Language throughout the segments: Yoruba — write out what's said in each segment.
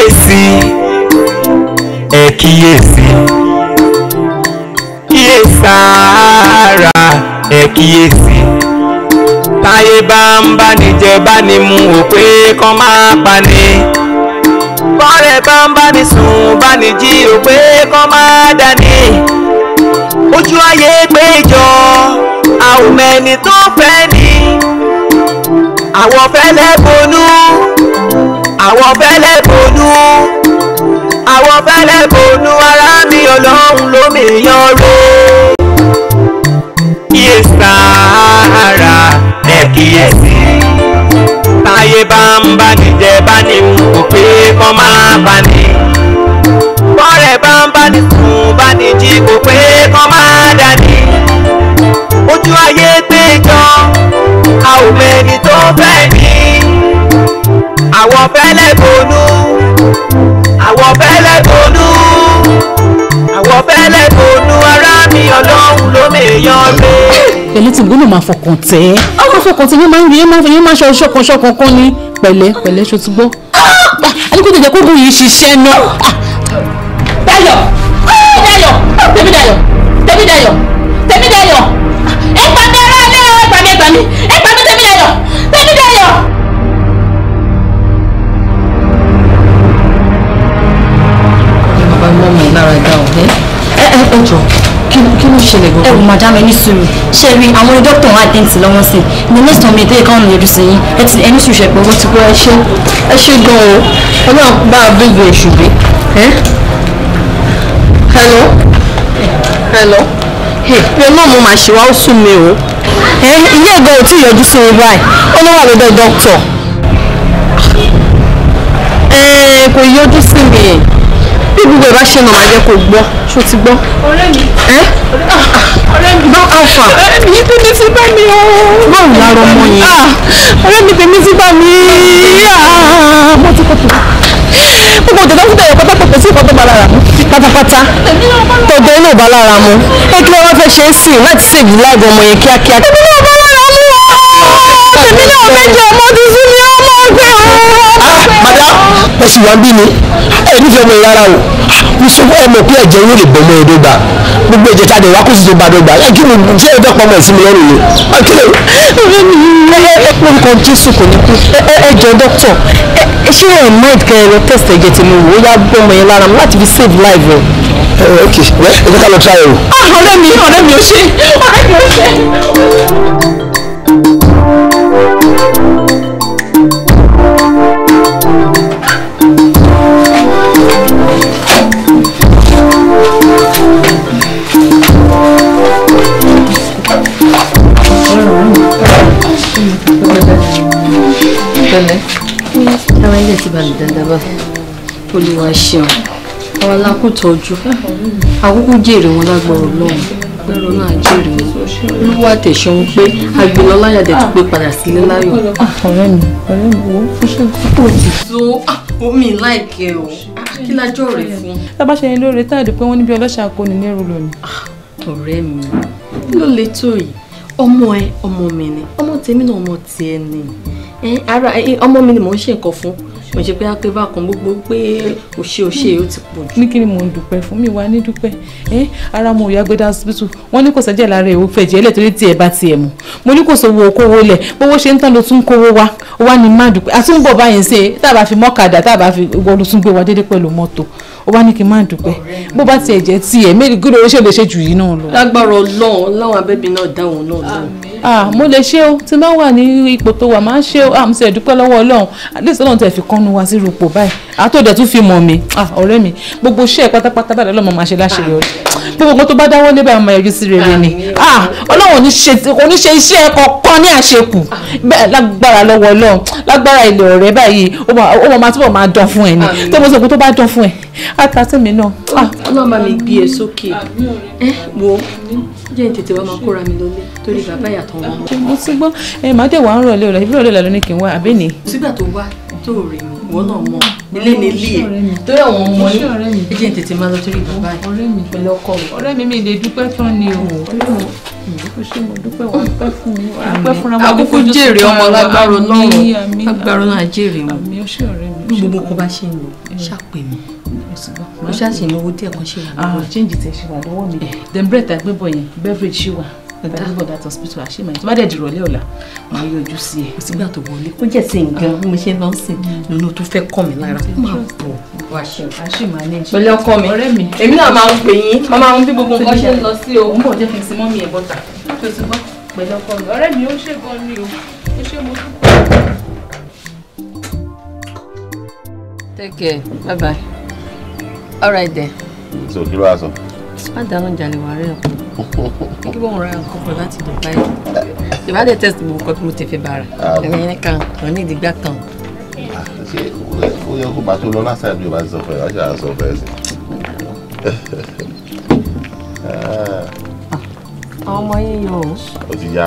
kíyèsí ẹ kíyèsí kíyèsára ẹ kíyèsí táyé bá ń báni jẹ báni mu ò pé kán máa pani bọ́rẹ̀ bá ń báni sùn báni jí ò pé kán máa dání ojú ayé péjọ àwùmẹ̀ni tó fẹ́ ni àwọn fẹ́lẹ́ bonú àwọn fẹ́lẹ́ bonú àwọn fẹ́lẹ́ bonú ara mi ọlọ́run ló mi yan ro. kíyè sára ẹ kíyèsí táyé bá ń bá ní jẹ bá ní mú kò pé kó máa bá ní. bọ́rẹ̀ bá ń bá ní sùn bá ní jí kò pé kó máa dání. ojú ayé péjọ a ò mẹ́ni tó fẹ́ ní àwọ̀ fẹ́lẹ́ gbónú àwọ̀ fẹ́lẹ́ gbónú àwọ̀ fẹ́lẹ́ gbónú ará mi ọlọ́run ló mèèyàn rè. pẹ̀lú tìǹbù ló máa fọkàn tẹ́ ẹ́ ó máa fọkàn tẹ́ yín máa ń rí yín máa ń ṣe ṣọkan ṣọkan kan ní pẹ̀lẹ́ pẹ̀lẹ́ ṣo ti gbọ́. àdínkù ah! tó jẹ́ kó bóyá ṣiṣẹ́ náà. Dayọ̀ Dayọ̀ Tèmídayọ̀ Tèmídayọ̀ Tèmídayọ̀ ah! ẹ gbàgbé ara ẹ gbàgbé ẹ gbàgbé ẹ gbàgbé Tèmídayọ̀ Tèmídayọ̀. yín lára gan o. ẹ ẹ ẹ jọ kí ló ṣẹlẹ̀ gbogbo. ẹ wò madam ẹ ní sùúrù ṣé rí àwọn ní dókítà wọn àtẹ̀ǹtì lọ́wọ́ sí i ní next time ètò ìkànnì yẹn dùn sí yín ẹ ti ẹni sùn ṣẹpẹ owó ti kú ẹ ṣe ẹ ṣe gan o ẹ náà bá a bèbè èṣù gbé. hello hello ìwọ náà mo máa ṣe wá ó sùn mi o. ilé ẹ̀gọ́ ò tí ì yọjú sí mi báyìí ó ló wà lọ́dọ̀ dókítà. kò yọjú sí mi bí gbogbo ẹ̀ bá ṣe nà máa jẹ́ kó gbọ́ ṣó ti gbọ́. ọ̀rẹ́ mi ọ̀rẹ́ mi bá àfà. ọ̀rẹ́ mi tèmi ti bá mi o. báwo la rọ ọmọ yẹn. Ah, ọ̀rẹ́ mi tèmi ti bá mi. Ah, mo ti kọ́ gbogbo òdòdó fún tẹ̀yẹ̀ pátákó sí nǹkan tó pátápátá tòdó inú bá lára mu ẹ kí wọn fẹ́ ṣe é sí láti ṣèjì láìbọ ọmọ yẹn kíákíá. tèmi náà bá lára mu ooo ah, tèmi náà mẹjọ ọmọ ti sún ọmọ ọgbẹ ooo. madam mo sì wá bí mi ẹ nífẹ̀ẹ́ mi rárá o so ẹ mọ̀ pé ẹ̀jẹ̀ yóò lè bọ̀ mọ́ ẹ̀dọ́ gbà gbogbo ẹ̀jẹ̀ tàdé wa kó sì tó gbàdọ̀ gbà ẹ kí ni ṣé ẹ fẹ́ pamọ́ ìsinmi lọ́rùn ni. orúkọ jésù kò ní kú ẹjọ dókítà ṣé ẹ mind kẹrin lọ test ẹ̀jẹ̀ tí mo wò ó yá gbọmọ yẹn lára mi láti fi save life ẹ. ok ẹ jẹ́ ká lọ try o. Ah, ọ̀rẹ́ mi ọ̀rẹ́ mi ò ṣe ọ̀rẹ́ mi ò ṣe. pẹ̀lẹ́ ara ilé ti balẹ̀ dáadáa báyìí olùwà ṣeun àwọn alákò tọ́jú àkókò jèrè wọn lágbára ọlọ́run lọ́rọ̀ náà jèrè wọn olúwa tẹ̀sán pé agbèlọ́ láyàdẹ̀ tó pé padà sílé láyọ̀. ọ̀rẹ́ mi ọ̀rẹ́ mi wo fúnṣẹ́ púpọ̀ jù. so omi láìkẹ́ o kí lájọ́ rẹ̀ fún. tábà ṣe ni lóore táàdì pé wọ́n níbi ọlọ́ṣà kò ní lérò lónìí. ọ̀rẹ́ mi ló le tó yìí ọmọ ẹ ọmọ tèmi náà ọmọ tiẹ̀ ni ara ọmọ mi ni mò ń ṣe nǹkan fún mo ṣe pé á pé bákan gbogbo pé òṣè òṣè ó ti pọ̀ jù. ní kí ni mò ń dúpẹ́ fún mi wá ní dúpẹ́ ara mo ìyá gbẹ́dá hospital wọ́n ní kò sẹ́jẹ̀ lára èwo fẹ̀jẹ̀ lẹ̀ torí tiẹ̀ bá tiẹ̀ mu mo ní kò sówó okòwò lẹ̀ bówó ṣe ń tán ló tún kówó wá ó wá ní má dúpẹ́ àti ń bọ̀ báyìí ṣe tá a bá fi mọ́kadà tá a bá fi wọ́n ló tún gbé wa dédé pẹ̀lú mọ́tò ó wá ní kí n má dúpẹ́ bó bá tiẹ̀ jẹ́ tiẹ̀ mélòó kí ló ṣe lè ṣe jù yìí náà lọ. lágbára Ọlọ́run láwọn abẹ́bí náà dáhùn náà lọ́run ah mo lè ṣe o tí n bá wà ní ipò tó wà máa ń ṣe o ah mo sì dúpẹ́ lọ́wọ́ ọlọ́run at least ọlọ́run tẹ̀ fi kọ́nu wa sí ipò báyìí àtọ̀dẹ̀ tún fi mọ̀ mi ah ọ̀rẹ́ mi gbogbo iṣẹ́ pátápátá báyìí lọ́mọ máa ṣe láṣeyọrí gbogbo tó bá dáwọ́ lé báyìí máa yọjú sí rere ni ah ọlọ́run oníṣe iṣẹ́ kọ̀ọ̀kan ní àṣekù bẹ́ẹ̀ lágbára lọ́wọ́ ọlọ́run lágbára ilẹ̀ ọ̀rẹ́ báyìí ó máa túbọ̀ máa dán fún ẹ ni tó mo sọ pé tó bá dán fún ẹ àtàtì mi náà. Ah. ọlọ́run bá mi gbé e sókè eh, wo jẹ́ ní tètè wá máa torí bàbá ìyàtọ̀ wọn. mo ti gbọ́ ẹ màá dẹ̀ wá ń rọ̀lẹ́ ọ̀la ìbí rọ̀lẹ́ ọ̀la ló ní kí n wá àbẹ́ ni. sígbà tó wá tó rí mi ìwọ náà mọ ilé ní ilé ẹ torí àwọn ọmọ yìí ẹ jẹ́ tètè máa lọ torí bàbá yìí. ọ̀rẹ́ mi pẹ̀lú ọkọ mi ọ̀rẹ́ mi mi lè dúpẹ́ tán ni o ó ṣe mo dúpẹ́ wọn pẹ́ fún mi wọn pẹ́ fúnra wọn. àkókò jèrè ọmọ lágbára Ọlọ́run lágbára Ọlọ́run àjèrè wọn. àmì ọṣẹ ọ̀rẹ́ mi. gbogbo nǹkan bá ṣe ń lò ṣàpè mi ó ṣàṣìlówó díẹ̀ kan ṣe wà lọ́wọ́. Ah, change tẹ̀ ṣe wà lọ́wọ́ mi then eh. bread àgbébọ̀ yẹn beverage ṣe wà bàtà bọ̀dà tó hospital àṣemà tó bá dẹ̀ dìrọ̀lẹ́ ọ̀la màá yọjú sí ẹ kò sígbà tó wọlé kó jẹ́ sí nǹkan ah. bí mo ṣe lọ sí lónà tó fẹ́ kọ́ mi lára kó máa bọ̀ àṣemà ní ẹ̀ṣẹ̀ pẹ̀lú ọkọ mi èmi náà máa ń pè yín máa máa ń bí gbogbo nǹkan ṣe ń lọ sí o. ń bọ̀ jẹ́ fi sí mọ́mí ẹ̀ bọ́tà tó ti gbọ́ pẹ̀lú ọkọ mi ọ̀rẹ́ mi ó ṣe gan take care bye bye all right then. so kí ló wá má dáná jalè wà rẹ̀ kí wọ́n ra nǹkan kan láti Dubai ìbá dẹ̀ test gbogbo kan tí mo ti fi bára ah. ẹ̀yìn ní kan ọ̀rọ̀ ní ìdígbà kan. ṣé ó yẹ kó bá tó lọ lásán ìlú ìbá sọ fún ẹ wá ṣe àṣọ fún ẹ sí. Ah, àwọn ọmọ yín yọ ọ. ó ti yá.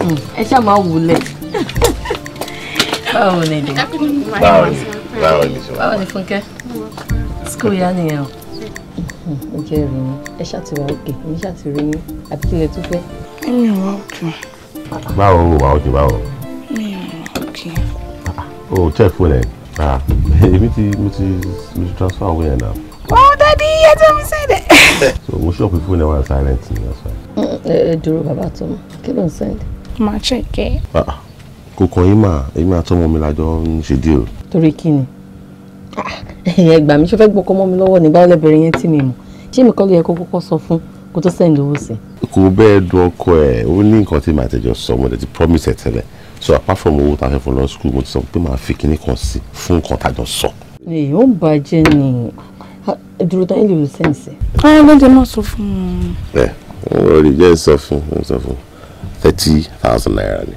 Hmm, ẹ ṣáà máa wulẹ̀ báwo ni ìdè báwo ni báwo ni Fúnkẹ́ school yá nìyẹn o mo hmm, jẹ́ rí ni ẹ ṣàtìwá òkè èmi ṣàtìrí ni àbí kílẹ̀ tó fẹ́. èmi ò wá òkè. báwo ò òkè báwo. mi ò òkè. Ah, ah, o ò check fún ẹ rárá ah, èmi ti mo ti mo ti transfer owó yẹn náà. oh daddy ẹ tẹ́ mi sẹ́dẹ̀. so mo ṣọ́ọ̀pù fún ẹ wá silent ni that's why. Mm, ẹ ẹ dúró bàbá tó mọ kí ló ń sẹ́ndẹ̀. màá check ẹ. kò kàn yín mà èmi àtọmọ mi lájọ ń ṣe deal. torí kí ni ẹ gbà mí ṣe fẹ́ gbọ́kọ́ mọ́ mi lọ́wọ́ nígbà ọlẹ́bẹ̀rẹ̀ yẹn tí mi mọ̀ ṣé mi kọ́ ló yẹ kó kọ́kọ́ sọ fún kó tó sẹ́yìn lówó sí. kò bẹ́ẹ̀ dùn ọkọ ẹ̀ ó ní nǹkan tí màá tẹ̀jọ sọ mo ti promise ẹ̀ tẹ́lẹ̀ so apart from owó tá a fẹ́ fún lọ school mo ti sọ pé màá fi kinní kan sí fún nǹkan tàjọ sọ. èyí ó bàjẹ́ ni dúró tán ìlú sẹ́ǹsì. ọ̀rọ̀ ló dé má sọ fún un. ẹ ọ̀rọ̀ rẹ̀ jẹ́ sọ fún un sọ fún thirty thousand naira ni.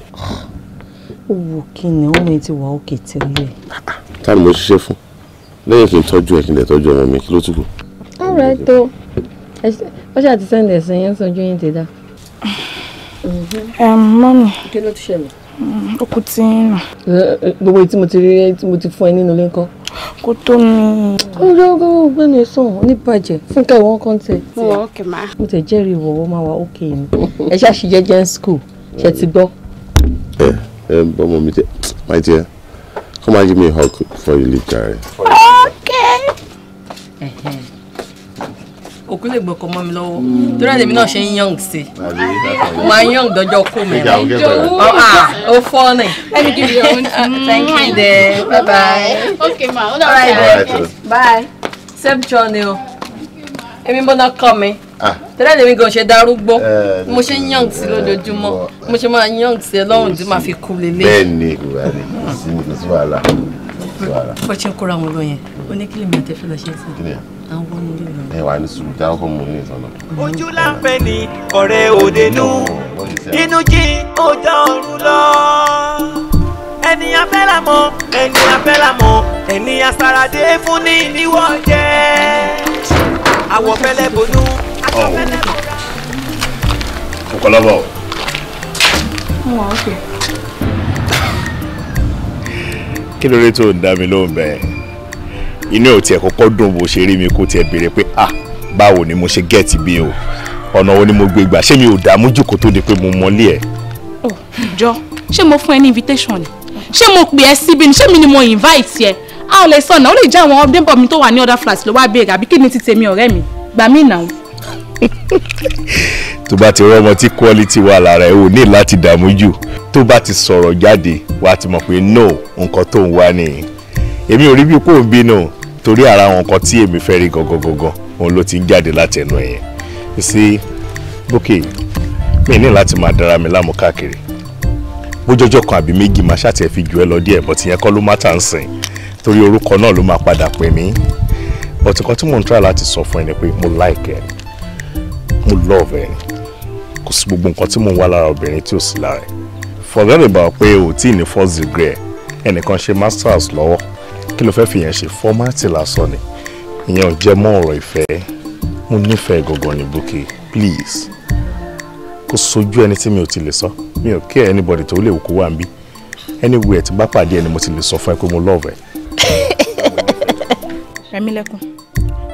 owó kí ni ọmọ ẹ ti wà òkè tẹ́lẹ̀. táà ni mo ṣiṣẹ́ fún lẹ́yìn kí n tọ́jú ẹ̀ kí n lè tọ́jú ọmọ mi kí ló tún kù. ọ̀rẹ́ tó ọ ṣáà ti sẹ́ndẹ̀ ẹ̀sìn yẹn sọ́jú yín ti dá. mọ́mì kí ló ti ṣẹlẹ̀. Mm, ó kú tí ń nà. gbogbo tí mo ti rí tí mo ti fún ẹ nínú ilé ńkọ́. kó tó mi. ó lọ gbogbo ọgbẹ́ni sàn oníbàjẹ́ fúnkẹ́ ìwọ́n kan tẹ̀. mo wà ókè má. mo tẹ̀ jẹ́rìí ìwọ̀wọ́ máa wà ókè ni ẹ ṣáà ṣì jẹ́jẹ́ ń skul ṣe ti gbọ́. ẹ ẹ bọ́mọ mi tẹ máa tiẹ come and give me a hug before you leave jare òkú lè gbọ̀kọ̀ mọ́ mi lọ́wọ́ torí àdèmí náà ṣe ń yàn sí i máa ń yàn dọ́jọ́ kó mi ó fọ́ ni. Mm, thank you there bye bye. okay ma all right then bye. save journey o èmi bọ́dọ̀ kọ́ mi ah. torí àdèmí gan ṣe darúgbó eh, mo ṣe ń yàn sí eh, lójoojúmọ́ eh, mo ṣe máa yàn sí ẹ lọ́rùn tí màá fi kú lélẹ̀. bẹ́ẹ̀ ni kò wá ní kò wàhálà bó ṣe ń kóra wọn lọ yẹn ó ní kílè mi àtẹ́fẹ́ lọ ṣe é sí àwọn ọmọ mi lọ. ẹ wà ní sùúrù jáwọ́ kọ́ mo ní ìsọ̀nà. ojú láǹfẹ́ ni ọ̀rẹ́ òdenú inú jí ó já lọ. ẹni afẹ́ la mọ̀ ẹni afẹ́ la mọ̀ ẹni asaradé fún ní ìníwọ̀ jẹ́ àwọ̀ fẹ́lẹ́ bonú aṣọ fẹ́lẹ́ bọ̀. ọ̀pọ̀lọpọ̀. mo wà ó kí ló dé tó ń dá mi lóhùn bẹ́ẹ̀ inú ò tiẹ̀ kọ́kọ́ dùn bó ṣe rí mi kó tiẹ̀ béèrè pé ah báwo ni mo ṣe gẹ́ẹ̀tì bí o ọ̀nà wo ni mo gbé gbà ṣé mi ò dààmú jù kó tó di pé mo mọ́lé ẹ̀. Oh, jọ ṣé mo fún ẹ ní invitation ni ṣé mo pè ẹ síbi ni ṣé mi ni mo invite ẹ a ò lè sọ náà ó lè jẹ́ àwọn ọdẹ bọ̀ mi tó wà ní other flat ló wá béèrè àbí kí ni ti tèmi ọ̀rẹ́ mi gbà mí náà. tó bá ti rọmọ tí quality wà lára ẹ ò ní láti dààmú jù tó bá ti sọ̀rọ̀ jáde wà á ti mọ̀ pé no nǹkan tó ń wá nìyí èmi ò rí bí kò ń bínú torí ara àwọn nǹkan tí èmi fẹ́ rí gangan gangan òun ló ti ń jáde láti ẹnu ẹ̀yẹn you see Bukky mi ní láti máa dára mi láàmú káàkiri bójọ́jọ́ kan àbí méjì máa ṣàtẹ̀ fi jù ẹ lọ díẹ̀ bọ́tì yẹn kọ́ ló má tà ń sìn torí orúkọ náà ló máa padà pè mí bọ́tì kan tí mò ń try láti sọ fún ẹ ni pé mo like ẹ mo love ẹ kò sí gbogbo nǹkan tí mò ń wá lára obìnrin tí ò sí lára ẹ forget about pé o tí ì ní first degree ẹ ẹnìkan ṣe masters lọ́wọ́ kí ló fẹ́ fi yẹn ṣe fọ́mátì lásán ni ìyẹn ò jẹ́ mọ́ ọ̀rọ̀ ìfẹ́ mo nífẹ̀ẹ́ gangan ní Bukky please kò sojú ẹni tí mi ò ti lè sọ mi ò kí anybody tó lè wò kó wà ń bí anywhere tí bá pàdé ẹni mo ti lè sọ fún ẹ pé mo love ẹ. Rẹ̀mílẹ́kùn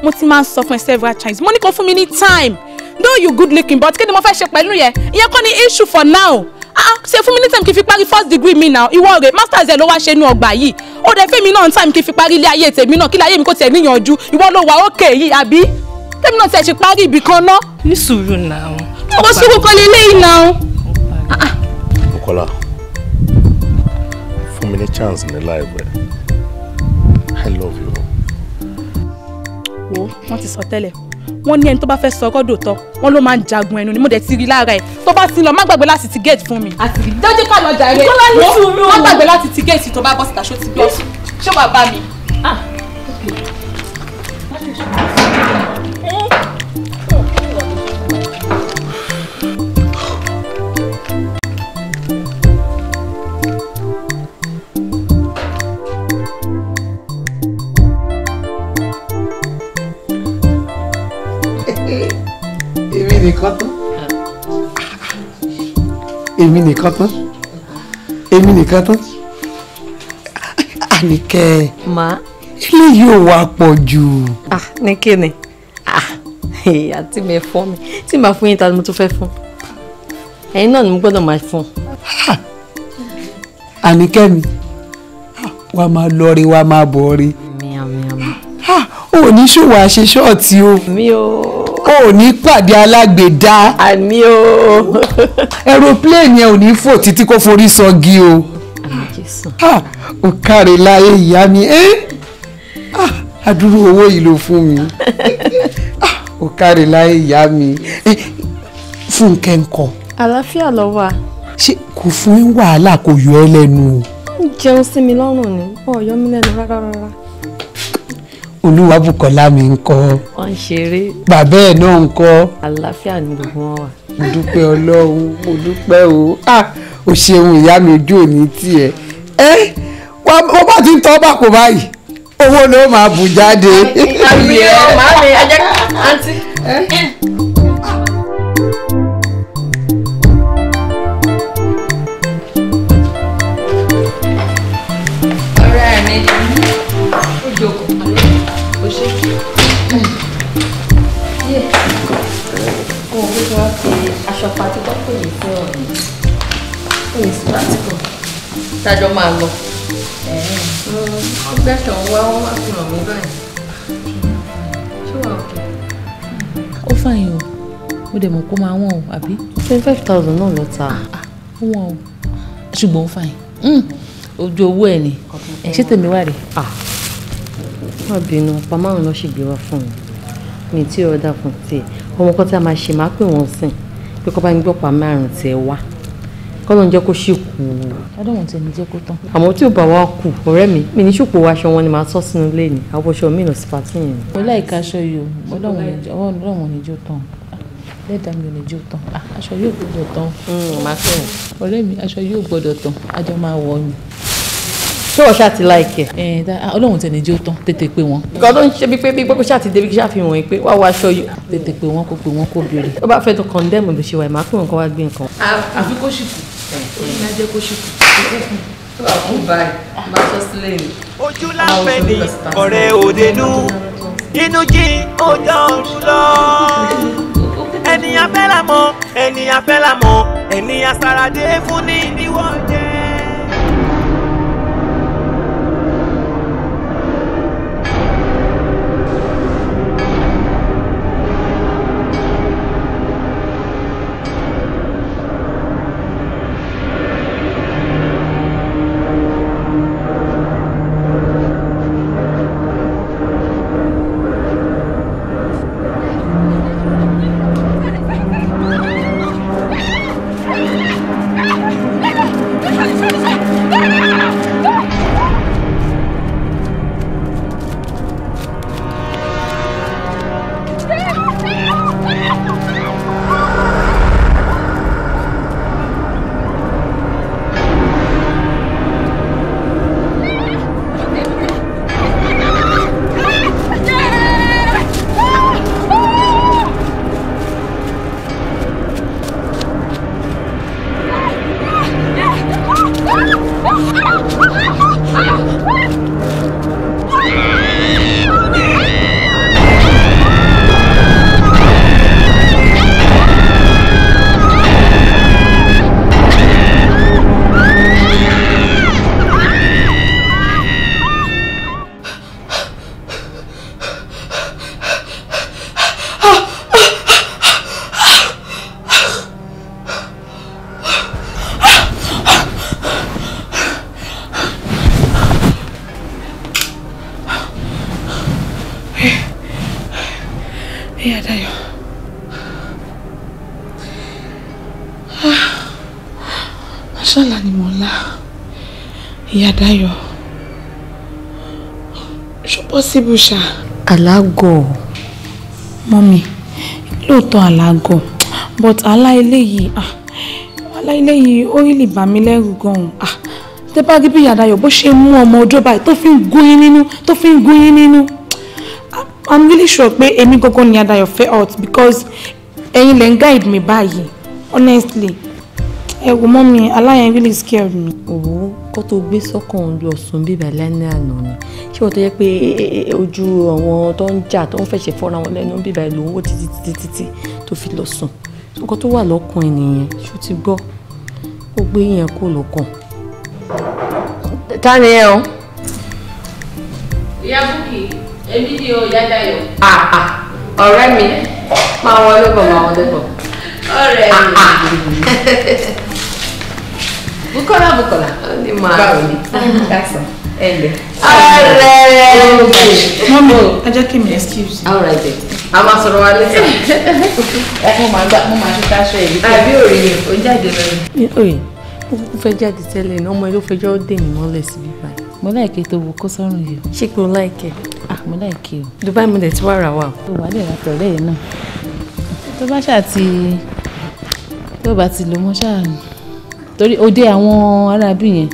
mo ti máa ń sọ fún ẹ several times mo ní kó fún mi ní time No, you good looking but kí ni mo fẹ́ ṣe pẹ̀lú yẹn ìyẹn kọ́ ni issue for now ah ṣe fún mi ní time kí n fi parí first degree mi now ìwọ rẹ masters ẹ ló wá ṣe inú ọgbà yìí ó dẹ fẹ́mi náà time kí n fi parí ilé ayé tèmi náà kí ilé ayé mi kò tiẹ̀ níyànjú ìwọ ló wà ókè yìí àbí tèmi náà tiẹ̀ ṣe parí ibì kan ná. ní sùúrù náà. ọkọ sùúrù kan lè léyìn náà. Bukola fún mi ní chance ní láìpẹ́ I love you. wo wọ́n ti sọ tẹ́lẹ̀ wọ́n ní ẹni tó bá fẹ́ sọ ọgọ́dọ̀ tọ́ wọ́n ló máa ń jagun ẹnu ni mo dẹ̀ ti rí lára ẹ̀ tó bá ti lọ má gbàgbé láti ti gate fún mi. àti rí dájú ká lọ jàre wọ́n má gbàgbé láti ti gate tó bá bọ́ síta ṣó ti gbọ́ ṣé wàá bá mi. Ah, nìkan tán èmi nìkan tán èmi nìkan tán àníkẹ́ eléyìí ò wá pọ̀ jù. ní kíni àti mi ẹ fọ́ mi tí màá fún yín ta ni mo tún fẹ́ fún ẹ̀yin náà ni mo gbọ́dọ̀ máa fún. àníkẹ́ mi wàá máa lọ rí wàá máa bọ̀ rí. ò ní ṣòwò àṣeṣọ́ọ̀tì o. mi ò ò ní pàdé alágbèdá. àmì o. aeroplane yẹn ò ní fò títí kó forí sọgi o. Ah, ó káre láyé ìyá mi ah, adúrú owó yìí ló fún mi ah, ó káre láyé ìyá mi fúnkẹ́ ńkọ́. àlàáfíà ló wà. ṣé kò fún wàhálà kò yọ ẹ lẹ́nu o. jẹun sí mi lọ́rùn ni ọ̀ yọ lẹ́nu rárá rárá. Olúwabùkọ́lá mi ń kọ́. wọ́n ń ṣeré. bàbá ẹ̀ náà ń kọ́. àlàáfíà ni gbogbo wọn wà. mo dúpẹ́ ọlọ́run mo dúpẹ́ o ò ṣeun ìyá mi ojú òní tiẹ̀ ẹ́ wọ́n bá ti ń tọ́ bàkó báyìí owó ló máa bù jáde. àmì ọ̀ màmí ajá àǹtí. pátítọ́ pè mí fún ọ̀nà èyí sí pátítọ́ tájọ́ máa lọ ọgbẹ́sàn wá wọ́n wá fi hàn mí báyìí ṣé ó fàyàn o mo dẹ̀ mọ̀ kó máa wọ̀n o àbí. twenty five thousand náà ló ta. Ah, ah, ó wọ̀n o ṣùgbọ́n ó fàyàn hmm, ojú owó ẹ̀ ni ṣé tèmi wà rè. Ah, má bínú pa márùn-ún lọ́ọ́ ṣègbè wá fún mi mi tí ọ̀dà fún tiẹ̀ ọmọ kan tí a máa ṣe máa pè wọ́n sìn pé kọ́ bá ń gbọ́ pa márùn-ún tiẹ̀ wá kọ́lọ́ ń jẹ́ kó ṣì kú. ládùn tí èmi jẹ́ kó tán. àmọ́ tí ò bá wa kù ọ̀rẹ́ mi mi ní ṣùpò aṣọ wọn ni màá tọ́ sínú ilé ni àwọṣọ mi lọ sí pàtí yẹn. mo láìka aṣọ yìí o ọlọ́run ò jó tán lẹ́dàá mi ò ní jó tán ah, aṣọ yóò gbọ́dọ̀ tán. Hmm, ọ̀rẹ́ mi aṣọ yóò gbọ́dọ̀ tán a máa wọ̀ ọ́ ni ṣé wọ́n ṣáà ti láìkẹ́. ẹ eh, ah, ọlọ́run tẹ̀ ní jẹ́ ó tán tètè pé wọn. nǹkan tó ń ṣe bíi pé bíi pé ṣáà ti débi kí ṣáà fi hàn yín pé wá wá aṣọ yìí. tètè pé wọn kó pé wọn kó béèrè. ó bá fẹ́ tó kọ̀ndẹ́mù ló ṣe wà ìmọ̀ àpéwọn kan wá gbé nǹkan. àfi kó ṣì kù ó kó ṣì kù. ojú láfẹ́ ni ọ̀rẹ́ òdenú inú jí ó dọ̀rùn lọ ẹni afẹ́ làmọ́ ẹni afẹ́ làmọ́ ẹni possible ṣá. alágọ̀ mọ́mi lóòótọ́ alágọ̀ but àlá eléyìí àlá eléyìí ó rí lè bà mí lẹ́rù gan-an tẹ bá rí bí Ìyádayọ̀ bó ṣe mú ọmọ ọjọ́ báyìí tó fi ń gún nínú tó fi ń gún nínú i'm really sure pé èmi gangan ni Ìyádayọ̀ fẹ́ out because ẹ̀yin lẹ ń guide mi báyìí honestly ẹ wò mọ́ mi aláyẹn really scared me. òwò kó tó gbé sọ́kàn lọ sùn bíbẹ̀ lẹ́ni àná ni ṣé wọ́n tó yẹ pé ojú àwọn tó ń jà tó ń fẹ̀ṣẹ̀ fọ́ra wọn lẹ́nu bíbá ẹ̀ ló ń wò títí títí títí tó fi lọ sùn nǹkan tó wà lọ́kàn ẹ̀ nìyẹn ṣó ti gbọ́ ó gbé yẹn kó lọ́kàn. ta ni ẹ o. ìyá búkì èmi ni o ìyá dayọ. Ah, ah, ọ̀rẹ́ mi máa wọlé bọ̀ máa wọlé bọ̀. ọ̀rẹ́ mi. Bukola ah, Bukola. Ó ní máa. Báwo Báwo ni? ẹlẹ. ọ̀rẹ́ mọ́mí ajá kí mi excuse. all right then a máa sọ̀rọ̀ wa lẹ́sà mo máa gbà mo máa ṣe káṣọ èyí. àbí òrìyìn ò ń jáde lọ ni. oye ó fẹ́ jáde ọmọ ẹ fẹjọ́ dè mí mọ́lẹ̀ síbí báyìí. mo láìké tó wo kó sọ́run yìí. ṣé kí o láìké. ah mo láìké o. Dubai mo dẹ̀ ti wá ra wa. o wà lè ra tọ̀rẹ́ yẹn náà tó bá ṣáà ti tó bá ti lò mọ́ ṣáà torí òde àwọn arábí yẹn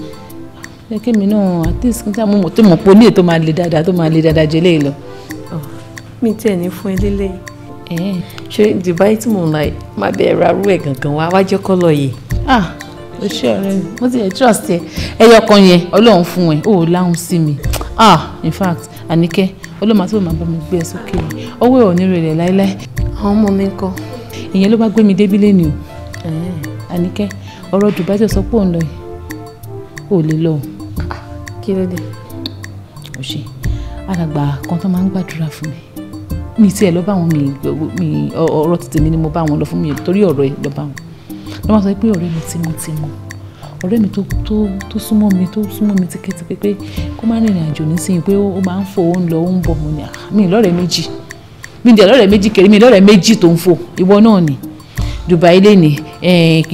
ẹ kí mi náà at least kí n sáà mo mọ̀ tó mọ̀ pé ó ní ètò máa le dáadáa tó máa le dáadáa jẹ léyìí lọ. mi tiẹ̀ ní fún ẹ lélẹ́yìí ṣe dubai tí mò ń la máa bẹ ẹ̀rọ arú ẹ̀ gangan wá wá jẹ́ kọ́ yìí. ah o ṣe ọ̀rẹ́ mi mo ti yẹ trust ẹ ẹyọ kan yẹn ọlọ́run fún ẹ o láhùn sí mi ah in fact àníkẹ́ ọlọ́run àti bàbá mi gbé ẹ sókè ọwọ́ ẹ̀ ò ní rẹ̀lẹ̀ láéláé. àwọn ọmọ mi ń kọ́. ìyẹn ló bá gbé mi débí lẹ́nu o àníkẹ́ ọ̀rọ̀ dubai tó sọ pé òun lọ yìí o lè lọ kí ló dé. ó ṣe alàgbà kan tó máa ń gbàdúrà fún mi mi tiẹ̀ lọ bá wọn mi ọ̀rọ̀ tètè mi ni mo bá wọn lọ fún mi torí ọ̀rọ̀ ẹ lọ bá wọn lọ́ máa sọ pé ọ̀rẹ́ mi tímọ́tímọ́ ọ̀rẹ́ mi tó súnmọ́ mi tó súnmọ́ mi tíkẹ́tí pé kó má rìnrìn àjò nísìnyí pé ó máa ń fò ó ń lọ ó ń bọ̀ mo ní ah, mi lọ́rẹ̀ẹ́ méjì mi dẹ̀ lọ́rẹ̀ẹ́ méjì kiri mi lọ́rẹ̀ẹ́ méjì tó ń fò ìwọ náà ni Dubai lè ní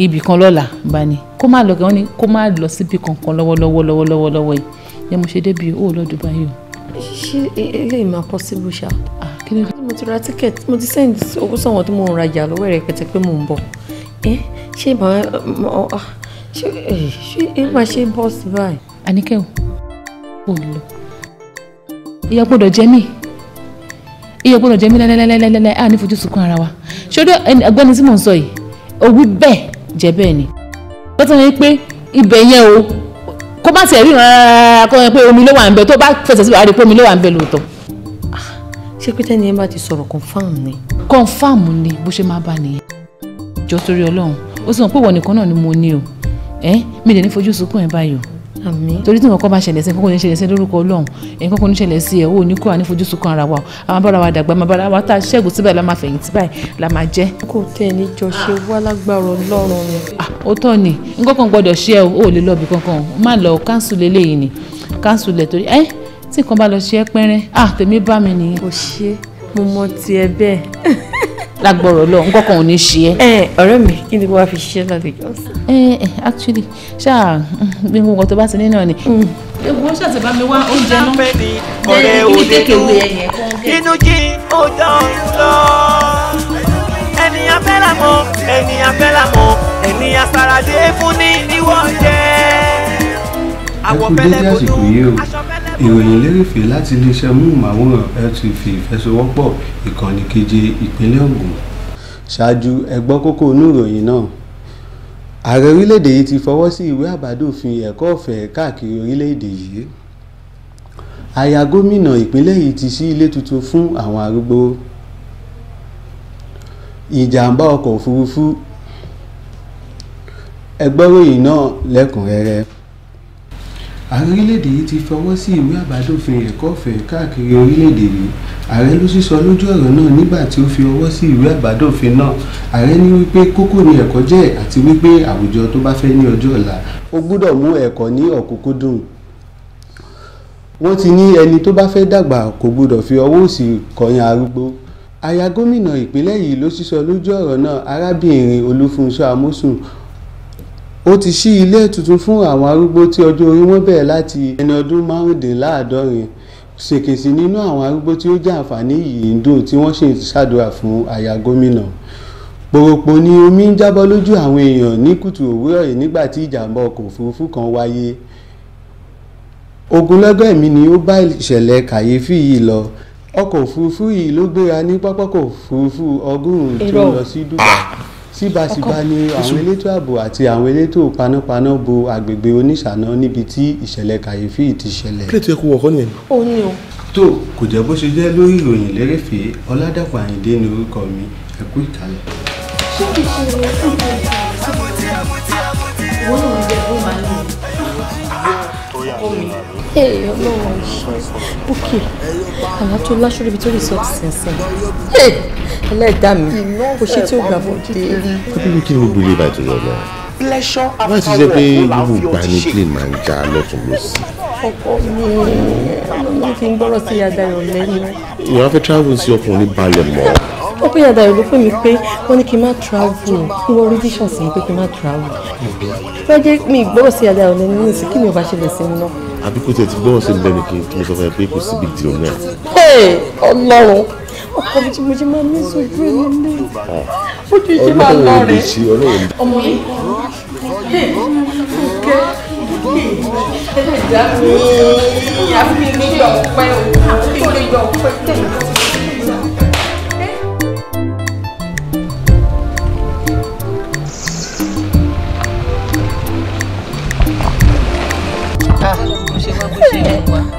ibì kan lọ́la bá kó má lọ kí wọ́n ní kó má lọ síbi kankan lọ́wọ́lọ́wọ́ lọ́wọ́lọ́wọ́ yìí yẹn mo ṣe débi owó lọ Dubai o. ṣé eléyìí máa possible ṣá. mo ti ra ticket mo ti send owó sọ̀wọ́n tí mo ń rajà lọ́wọ́ rẹ̀ pẹ̀tẹ́ pé mo ń bọ̀ ṣé màá ṣé ṣé màá ṣe bọ́ọ̀sì báyìí. àníkẹ́ o ò lọ ìyá gbọ́dọ̀ jẹ́ mí ìyá gbọ́dọ̀ jẹ́ mí lẹ́lẹ́lẹ́lẹ́lẹ́ à ní fojú sunkún ara wa ṣọdọ ẹgbẹ́ni tí mò ń sọ yìí òwú bẹ́ẹ̀ jẹ́ bẹ́ẹ̀ ni bọ́tà ni pé ibẹ̀ yẹn o kó má tiẹ̀ ríran rárá kó yẹ pé omi ló wà ń bẹ tó bá fẹsẹ̀ síbi àárí pé omi ló wà ń bẹ lóòótọ́. ṣé pé tẹ́ni ẹ bá ti sọ̀rọ̀ confam ni. confam ni bó ṣe máa bá nìyẹn. jọ torí ọlọ́run ó sì mọ̀ pé ìwọ nìkan náà ni mo ní o mi dẹ̀ ní fojú sunkún ẹ̀ báyìí o torí tí nǹkan bá ṣẹlẹ̀ sí nǹkan kò ní ṣẹlẹ̀ sí lórúkọ ọlọ́run nǹkan kò ní ṣẹlẹ̀ sí ẹ̀ ò ní kó ànífojúsùn kan ara wa àwọn abára wa dàgbà máa bára wa tá a ṣẹ́gun síbẹ̀ la máa fẹ̀yìntì báyìí la máa jẹ́. kò tẹ̀ ní jọ ṣe ah. wá lágbára ọlọ́run rẹ̀. Ah, ó tọ́ ni nǹkan kan gbọ́dọ̀ ṣe o ò lè lọ ibì kankan má lọ káńsù lélẹ́yìn ni káńsù lẹ̀ torí ẹ́ tí nǹkan bá lọ ṣe ẹ pẹ́rẹ́ à ah, tèmi bá mi nìyẹn. kò ṣe mo mọ tiẹ̀ bẹ́ẹ̀. lágbọ̀rọ̀ lọ nǹkan ò ní ṣe ẹ́. ẹ ọ̀rẹ́ mi kí ni wàá fi ṣiṣẹ́ láti jọ́sí. ẹ ẹ actually ṣáà bí nǹkan tó bá ti ní náà ni. Mm. ewu ó ṣàtìbá mi wá oúnjẹ náà ọ̀rẹ́ òde inú jí ó dá lọ ènìyàn fẹ́ làmọ́ ènìyàn fẹ́ làmọ́ ènìyàn sáradé fún ní ìwọ̀n jẹ́ àwọ̀ fẹ́lẹ́ kò aṣọ ìròyìn lérèfé láti iléeṣẹ́ múhùnmáwòrán ltv ìfẹsowọ́pọ̀ ìkànnì keje ìpínlẹ̀ Ògùn. ṣáájú ẹ gbọ́ kókó inú ìròyìn náà ààrẹ orílẹ̀-èdè yìí ti fọwọ́ sí ìwé àbádòfin ẹ̀kọ́ ọ̀fẹ́ káàkiri orílẹ̀-èdè yìí aya gómìnà ìpínlẹ̀ yìí ti ṣí ilé tuntun fún àwọn arúgbó ìjàmbá ọkọ̀ òfurufú ẹ ròyìn náà lẹ́kùnrẹ́rẹ́ ààrẹ orílẹ̀-èdè yìí ti fọwọ́ sí ìwé àbádòfin ẹ̀kọ́ ọ̀fẹ́ káàkiri orílẹ̀-èdè yìí ààrẹ ló sísọ lójú ọ̀rọ̀ náà nígbà tí ó fi ọwọ́ sí ìwé àbádòfin náà ààrẹ ní wípé kókó ni ẹ̀kọ́ jẹ́ àti wípé àwùjọ tó bá fẹ́ ní ọjọ́ ọ̀la ó gbọ́dọ̀ mú ẹ̀kọ́ ní ọ̀kúnkúndùn wọ́n ti ní ẹni tó bá fẹ́ dàgbà kò gbọ́dọ̀ fi ọwọ́ òsì kọyàn arúgbó aya gómìnà ìpínlẹ̀ yìí ló sísọ lójú ọ̀rọ̀ náà arábìnrin olúfúnṣọ́ amósùn ó ti ṣí ilé tuntun fún àwọn arúgbó tí ọjọ́ orí wọn bẹ̀rẹ̀ láti ẹni ọdún márùndínláàádọ́rin ṣèkèsí nínú àwọn arúgbó tí ó jẹ àǹfààní yìí ń dùn tí wọ́n sì ń ṣàdúrà fún àyà gómìnà pòròpò ni omi ń jábọ́ lójú àwọn èèyàn ní kùtù òwúrọ̀ yìí nígbà tí ìjàmbá ọkọ̀ òfurufú kan wáyé ogunlọ́gọ̀ ẹ̀mí ni ó bá ìṣẹ̀lẹ̀ kàyéfì yìí lọ ọkọ̀ òfurufú yìí ló gbéra ní pápákọ̀ òfurufú ọgọ́rùn-ún tó lọ sí Dubai síbàsíbà ni àwọn elétò ààbò àti àwọn elétò panápaná bo agbègbè oníṣàná níbi tí ìṣẹ̀lẹ̀ kàyéfì ti ṣẹlẹ̀. kílẹ̀ tó yẹ kó wọ̀ ọ́ nìyẹn. ó ní o. tó kò jẹ́ bó ṣe jẹ́ lórí ìròyìn lérèfé ọládàpọ̀ àyíndé ni orúkọ mi ẹ̀kú ìkàlẹ̀. ṣé kìí ṣe ọlọ́run ṣe òkè àlá tó láṣọ níbi tó lè sọ ti sẹ̀sìn ẹlẹ́dà mi kò ṣe tí ó gbà fún dé. kókó mi kí n gbélé bá ìtòyọ lọ wọ́n ti jẹ́ pé irú ìgbani plane máa ń já lọ́tún lọ́sí. ọkọ mi mi kì í gbọ́rọ̀ sí Adayọ̀ lẹ́nu. ìwà fẹ́ travel sí ọkùnrin balẹ̀ mọ́. ó pè Adayọ̀ ló pè mí pé wọ́n ní kí n má travel wọ́n rí díṣàn sí pé kí n má travel. fẹ́ jẹ́ mi ìgbọ́rọ̀ sí Adayọ̀ lẹ́nu ní ìsìnkí mi ò bá ṣẹlẹ̀ sí mi àbí kò tẹ̀ ti gbọ́ ọ̀sẹ̀ nílẹ̀ ní kí n tó sọ fún ẹ pé kò sí big deal náà. ọlọ́run ọkọ mi tí mo ṣe máa ń ní sùúrù nílé ó ti ṣe máa lọ rẹ ọmọ yìí fúnkẹ́ ẹlẹ́dàá mi àfi mi gbọ̀ pẹ́ o àfi mi gbọ̀ pẹ́ tẹ̀lé.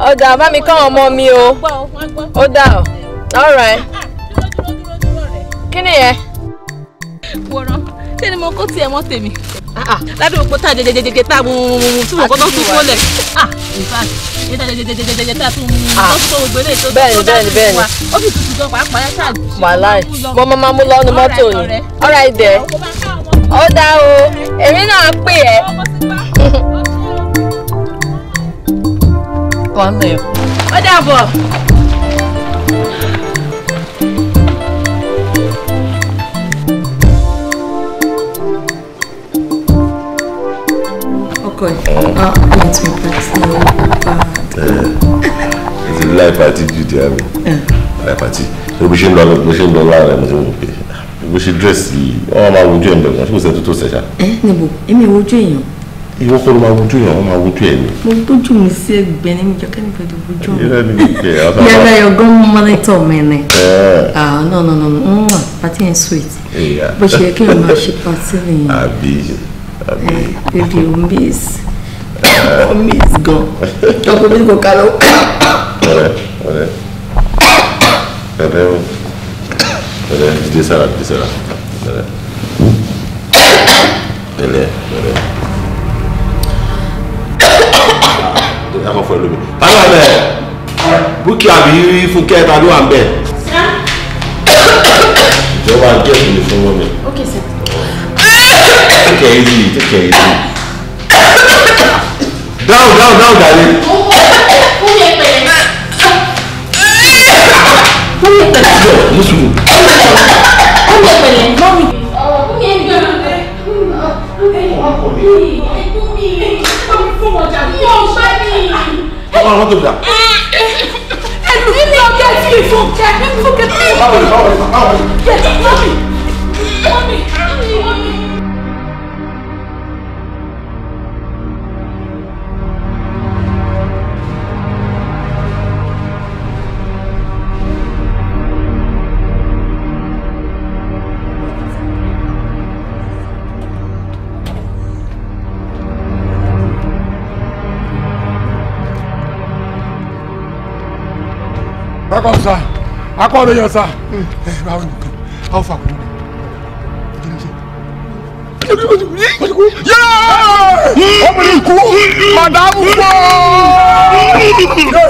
ó dà bá mi káwọn ọmọ mi o ó dà ọ ọ̀rẹ́ kí ni yẹn. wòran ṣé ni mo kó tiẹ̀ mọ́ tèmi ah, ah. ládùúgbò pọ̀ tá jẹjẹjẹjẹjẹ tá mùmùmùmù tí mo kọ́ ah, tó tún kó lẹ̀ ní tá jẹjẹjẹjẹjẹ tá tún mùmùmù tó gbogbo eléyìí tó tó dá sí wa ó fi tutù gan pàápàá yá sáà jù. wàláì mo máa máa mú lọ́nu mọ́tò ni ọ̀rá ìdẹ́ ó dá o èmi náà pè é. kan náà ó dàbọ̀. Okay. Uh, let me put the bad. It's a life party, Judy. I mean, life party. Ebi ṣe ń lọ lọ ṣe ń lọ lára ẹ̀mí tí mo pè é. Ebi ṣe dírẹ́sì ọmọ máa wojú ẹ̀ ń bẹ̀rẹ̀ ṣé kò sẹ́ni tó tó ṣẹ̀ṣà. Ẹ níbo, èmi wojú èèyàn ìwọ kọ́ ló máa wojú yẹn wọ́n máa wojú ẹ̀ ni. mo gbójú mi sí ẹgbẹ́ ní ìjọ kẹ́ni gbọ́dọ̀ wojú mi. yẹ́rẹ́ ni ìgbẹ́ ọ̀sán. yẹ́rẹ́ ọgọ́ mú mọ́nítọ̀ mi ni. ah no no no nwa pati yẹn sweet. bó ṣe yẹ kí n máa ṣe pati nìyẹn. àbí àbí. Eh, baby o miss o miss gan. ọkọ mi kò ká ló. ọ̀rẹ́ ọ̀rẹ́ ọ̀rẹ́ o ọ̀rẹ́ dísára dísára ọ̀rẹ́ ọ̀rẹ́ ọ̀rẹ́. ẹ fún ẹlòmí tàbí wà bẹ́ẹ̀ búkì àbí fúnkẹ́ tàbí wà bẹ́ẹ̀. ìjọba jẹ́ ìpínlẹ̀ fún wọn mi. okay sir. take it easy take it easy. down down down dàdí. ọmọ ọmọ tó dà. ẹnu mi ò gẹ tí ìfọkẹ ìfọkẹ tí ìfọkẹ. báwo ni báwo ni báwo ni. yẹ mami mami. welcome sir akọ́ọ̀dọ̀ yẹn sir ẹ hmm. eh, báwo ni how far kò ní obìnrin kú madamu kú.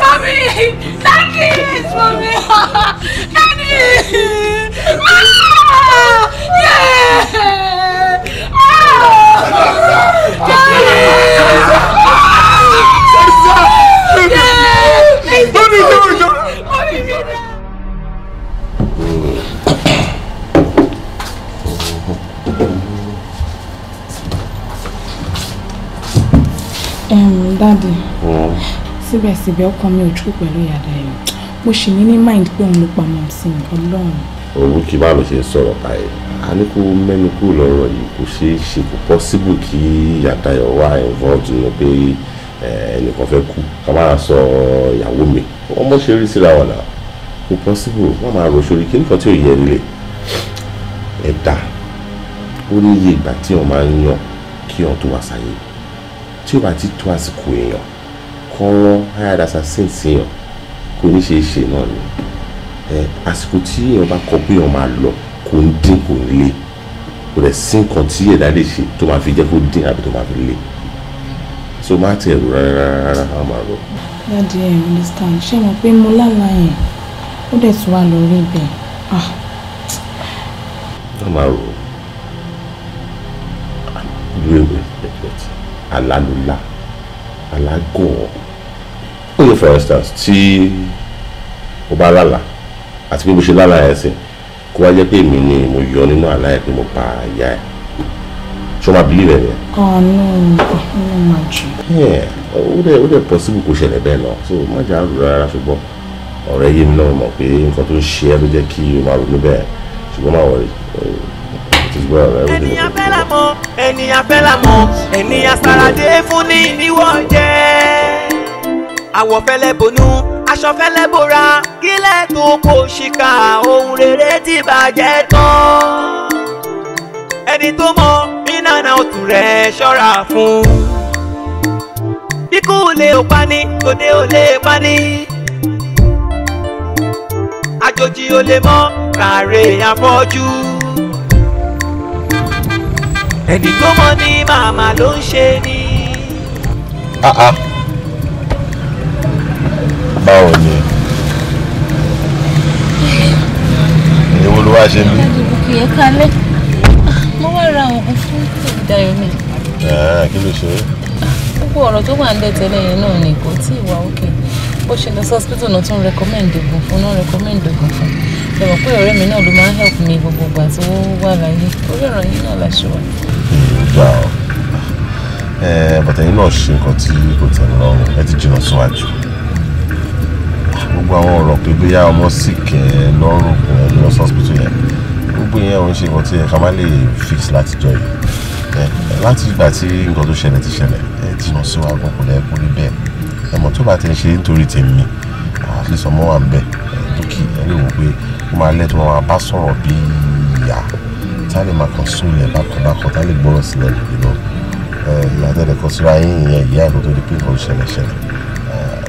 sami saki sami kani yeah. dáàdì hmm. síbẹ̀síbẹ̀ ọkọ mi ò tún pẹ̀lú ìyàdá ẹ̀ mo sì ní ní mind pé òun ló pa mọ́ sí mi ọlọ́run. òun kì í bá mi ṣe sọ̀rọ̀ báyìí a ní kó mẹ́nu kúrò lọ́rọ̀ yìí kò ṣeé ṣe kò possible kí ìyàdá ẹ̀ wá involved nínú pé ẹnìkan fẹ́ kú ká máa sọ ìyàwó mi ọmọ ṣe rí síra wọn náà kò possible wọ́n máa rò sórí kí nǹkan tí ò yẹ nílé ẹ̀dá ó ní iye ìgbà tí wọn máa ń yàn kí wọn tó wá sáyé tí ó bá ti tó àsìkò èèyàn kọ́ wọn hired assassin yàn kò ní ṣe é ṣe náà ni àsìkò tí èèyàn bá kọ pé wọn máa lọ kò ń dín kò ń lé kò rẹ̀ sí nǹkan tí ẹ̀dá lè ṣe tó máa fi jẹ́ kó dín àbí tó máa fi lé so má tẹ̀ ẹ̀rù rárá rárá á máa rọ. dáàdi ẹ understand ṣé mo pé mo lálàá yẹn ó dẹ̀ tún wà lórí ibẹ̀ ah. má máa rò real regret alálùlá alágọ̀ọ́ ó yẹ for instance tí o bá lálà àti pé mo ṣe lálà ẹ̀ sìn kó wá jẹ́ pé èmi ni mo yọ nínú àlá ẹ̀ pé mo pa ìyá ẹ̀ ṣé o believe ẹ̀ yẹn. ọ̀nà ọ̀nà máa jù. ó dẹ̀ ó dẹ̀ possible kò ṣẹlẹ̀ bẹ́ẹ̀ náà so má jà á rò rárá ṣùgbọ́n ọ̀rẹ́ yé mi náà mọ̀ pé nǹkan tó ń ṣe ẹ́ ló jẹ́ kí o máa ronú bẹ́ẹ̀ ṣùgbọ́n má wọrí as well. ènìyàn fẹ́ là mọ̀ ènìyàn fẹ́ là mọ̀ ènìyàn sàràdé fún ní ìníwọ̀ jẹ́. àwọ̀ fẹ́lẹ́ bonú aṣọ fẹ́lẹ́ bora kílẹ̀ tó kó ṣìkà ohun rere ti bàjẹ́ tán. ẹni tó mọ ìnana òtún rẹ̀ ṣọ́ra fún. ikú lè pani tòde ò lè pani àjòjì ò lè mọ kàrè àfọ́jú ẹni tó mọ ní màmá ló ń ṣe ni. Ah, ah. báwo ni èwo ló wá ṣe mí. àdìbòkì yẹn kalẹ̀ mo wá ra òògùn fún ìdáyọ̀ mi. Eh, kí ló ṣe é. gbogbo ọ̀rọ̀ tó wà ń lẹ̀ tẹ́lẹ̀ yẹn náà ni kò tí ì wá òkè bó ṣe lọ sí hospital náà tún recommend òògùn fún náà recommend òògùn fún ẹ mọ̀ pé ọ̀rẹ́ mi náà ló máa ń help mi gbogbo ìgbà tí wọ́n wà láyé orí ọ̀rọ̀ yín náà láṣọ wa. ìgbà ọ bàtà yín náà ṣe nǹkan tí kò tẹ̀lé lọ́rùn ẹ ti jìnnà síwájú gbogbo àwọn ọ̀rọ̀ pé bóyá ọmọ sì kẹ́ lọ́rùn kún ẹ lọ sọ́spítù yẹn gbogbo yẹn ò ń ṣe nǹkan tí ẹ ká má lè fix látijọ́ yìí láti ìgbà tí nǹkan tó ṣẹlẹ̀ ti ṣẹlẹ̀ ẹ jìnnà síwájú kò lẹ́ kó rí bẹ́ẹ̀ ẹ̀mọ́ tó bá ti ń ṣe nítorí tèmi àti sọmọ́ wà ń bẹ̀ dúkìá ẹ lè wò pé máa lẹ́tọ̀ máa bá sọ̀rọ̀ bí ìyá tá lè máa kàn sún ilẹ̀ bákanbákan tá lè gbọ́rọ̀ sílẹ̀ lórí lọ ìyá tẹ̀lé kan síra yín ìyẹn ìyá ìlú tó di pé nǹkan ṣẹlẹ̀ ṣẹlẹ̀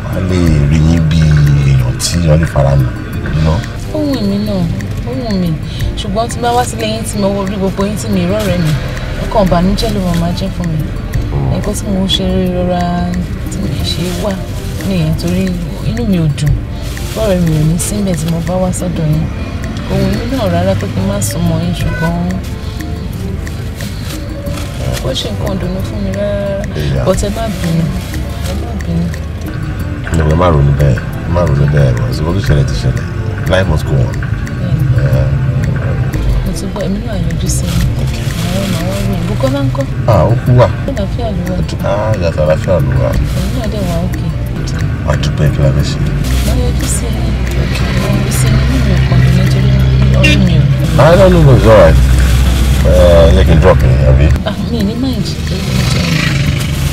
wọ́n lè rí yín bí èèyàn tí wọ́n lè fara mi lọ. ó wù náà ó wù ṣùgbọ́n tí bá wá sílé yín tí mo rí gbogbo yín tí mi rọ̀rẹ́ mi ọkàn ìbànújẹ́ ló máa jẹ́ fún mi ẹ̀kọ́ mm. tí mo ṣe rọra tí mo ṣe wà nìyẹn torí inú mi ò dùn bọ́ọ̀rọ̀ mi ò ní síbẹ̀ tí mo bá wá sọ́dọ̀ yín òun ní náà rárá pé kí n má sùn mọ́ yín ṣùgbọ́n ó ṣe nǹkan ìdùnnú fún mi rárá bọ́tẹ́ má bínú ẹ má bínú. ìjọba má ronú bẹ́ẹ̀ má ronú bẹ́ẹ̀ rọ ṣùgbọ́n tó ṣẹlẹ̀ ti ṣẹlẹ̀ life must go on. mo ti gbọ́ èmi náà yọjú sí i àwọn ọmọ wọn rí ìbúkọ́ máa ń kọ́. ó kú wà. ó ah, yàtọ̀ àlàáfíà ló wà. èmi náà dẹ̀ wà ókè àdúpẹ́ kí la fẹ́ ṣe. I don't know it's alright. Uh, you can drop me, àbí? Ah, mi ní máa ń jìkẹ́ ìjọ.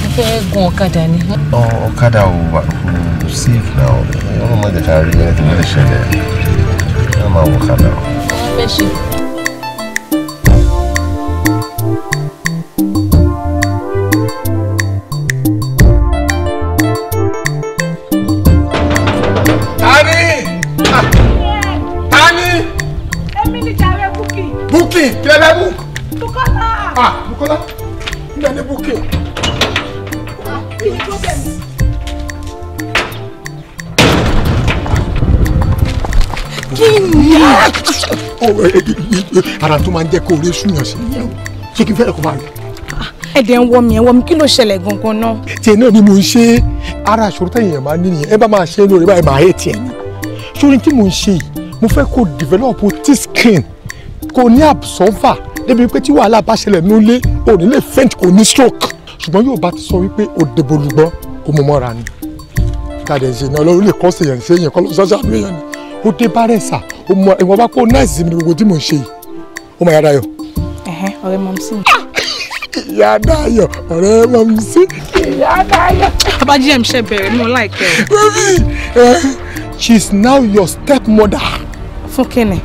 Mo fẹ́ gun ọ̀kadà ni. Oh, ọ̀kadà ò wà kò safe now. Ọlọ́mọdé ká rí ẹni tó lè ṣẹlẹ̀. Ẹ máa wọ ọ̀kadà. Ẹ fẹ́ ṣe. ara tó máa ń jẹ́ kó oore súnyàn sí nìyẹn o ṣé kí n fẹ́rẹ̀ kó máa lọ. ẹ̀dẹ̀ ń wọ mi ẹ̀ wọ mi kí ló ṣẹlẹ̀ gangan náà. tiẹ̀ náà ni mo ń ṣe ara àṣòro tẹ̀yìn ẹ̀ máa ń ní nìyẹn ẹ bá máa ṣe é lórí báyìí màá yẹ tiẹ̀ ni sórí tí mo ń ṣe yìí mo fẹ́ kó develop tí skin kò ní absorber débi pé tí wàhálà bá ṣẹlẹ̀ nílé ò ní lè faint kò ní stroke ṣùgbọ́n yóò bá ti sọ wípé òdebolugbọ́n kò mọ̀ ni tàdé ṣe náà lọ́rùn lè kọ́ ṣèyàn ṣe kọ́ ló ṣáṣá yẹn ni ó dé bá rẹ̀ sà ó mọ ìwọ̀n bá kó náìsì mi gbogbo tí mò ń ṣe yìí ó mọ yàrá yọ. ọ̀rẹ́ mọ̀ sí. ìyá Dayọ̀ ọ̀rẹ́ mọ̀ sí. ìyá Dayọ̀. bàbá jíjẹ́ mi ṣe bẹ̀rẹ̀ mọ́ láìpẹ́. baby she is now your stepmother. fún kíni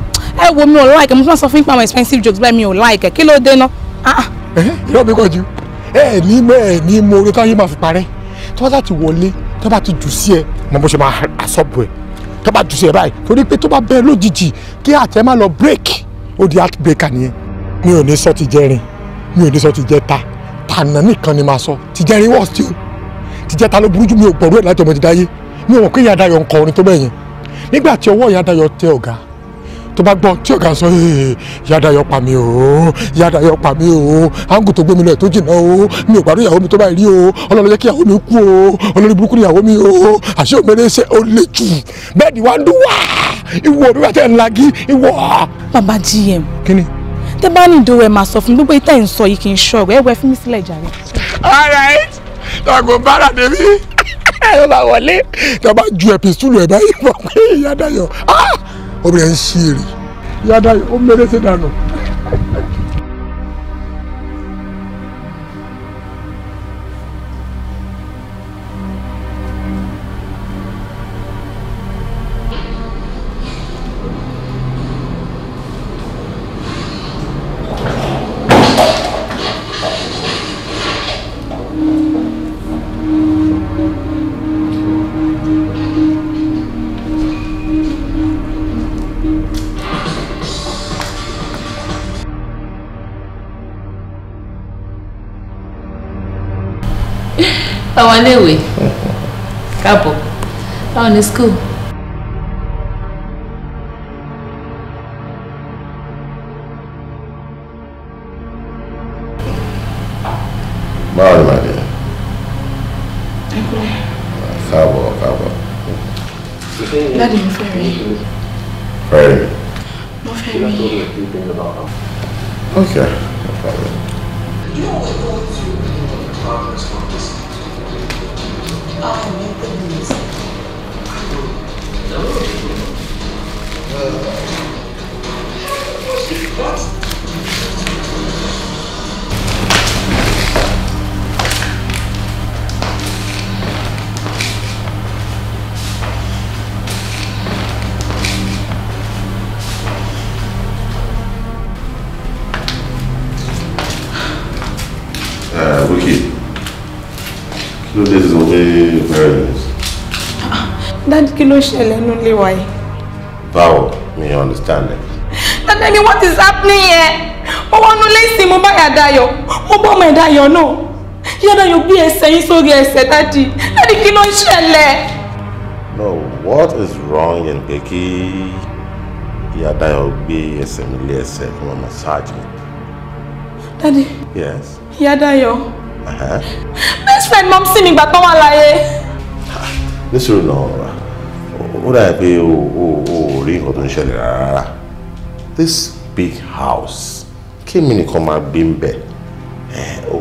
ẹ wo mi ò like. mo tún sọ fún yín pé àwọn expensive jokes báyìí mi ò láìkẹ kí ló dé ná. Ah, ah. irọ́ mi kọ̀ ju ẹ ní mọ ẹ ní mo orí káyé máa fi parẹ́ tí wọ́n bá ti wọlé tí wọ́n ti jù sí ẹ mọ bó ṣe máa asọ́bù ẹ̀ tó bá jù sí ẹ báyìí torí pé tó bá bẹ́ẹ̀ lójijì kí àtẹ má lọ break ó di heartbreaker nìyẹn mi ò ní sọ ti jẹrin mi ò ní sọ ti jẹ ta tànà nìkan ni màá sọ ti jẹrin wọ́ọ̀ sí o ti jẹ ta ló burú jù mi ò gbọ̀rú ẹ̀ láti ọmọ ti dáyé mi ò mọ̀ pé ìyá Dayọ̀ ń kọ orin tó bẹ́ẹ̀ yẹn nígbà tí ọwọ́ ìyá Dayọ̀ tẹ ọ̀gá tó bá gbọ́ tí ọ̀gá sọ ee yàda yọ pa mi o yàda yọ pa mi o áńgù tó gbé mi lọ ẹ̀ tó jìnnà o mi ò gbàdúrà ìyàwó mi tó bá rí o ọlọ́run jẹ́ kí ìyàwó mi kú o olórí burúkú ìyàwó mi o àṣé òmìnira ṣe ó lè jù bẹ́ẹ̀ ni wàá dùn wá ìwọ mi bàtẹ́ ńlági ìwọ. bàbá gm kí ni. tẹ bá ní ìdòwò ẹ máa sọ fún gbogbo ìtẹ̀ ń sọ yìí kì í ṣọ ẹ fún mi sílẹ̀ jàre. all right tọgbọ bára débi ẹ ló bá wọlé tọba ju ẹpìsúlù báyìí fọ pé ìyá dayọ ah obìnrin ń ṣe èrè. ìyá dayo ó mérésì dànù. ọmọ iléèwé káàbọ̀ báwo ni school. ló dé bẹ̀rẹ̀ news. kí ló ṣẹlẹ̀ nínú ilé wa yìí. báwo mi understand ẹ. dada ni what is happening here mo wọnú lẹ́sìn mo bá Yàdáyọ̀ mo bọ́ ọmọ Ẹ̀dáyọ̀ náà Yàdáyọ̀ gbé ẹsẹ̀ yín sórí ẹsẹ̀ dájú dájú kí ló ṣẹlẹ̀. no what is wrong in pé kí Yàdáyọ̀ gbé ẹsẹ̀ mi lé ẹsẹ̀ kí wọ́n massage mi. dadi. yes. Yàdáyọ̀ best friend mom sí mi gbà wa wà láyé. nísòrò náà ó dàbí pé o ò rí nǹkan tó ń ṣẹlẹ̀ this big house kimi ni nìkan máa gbé ń bẹ̀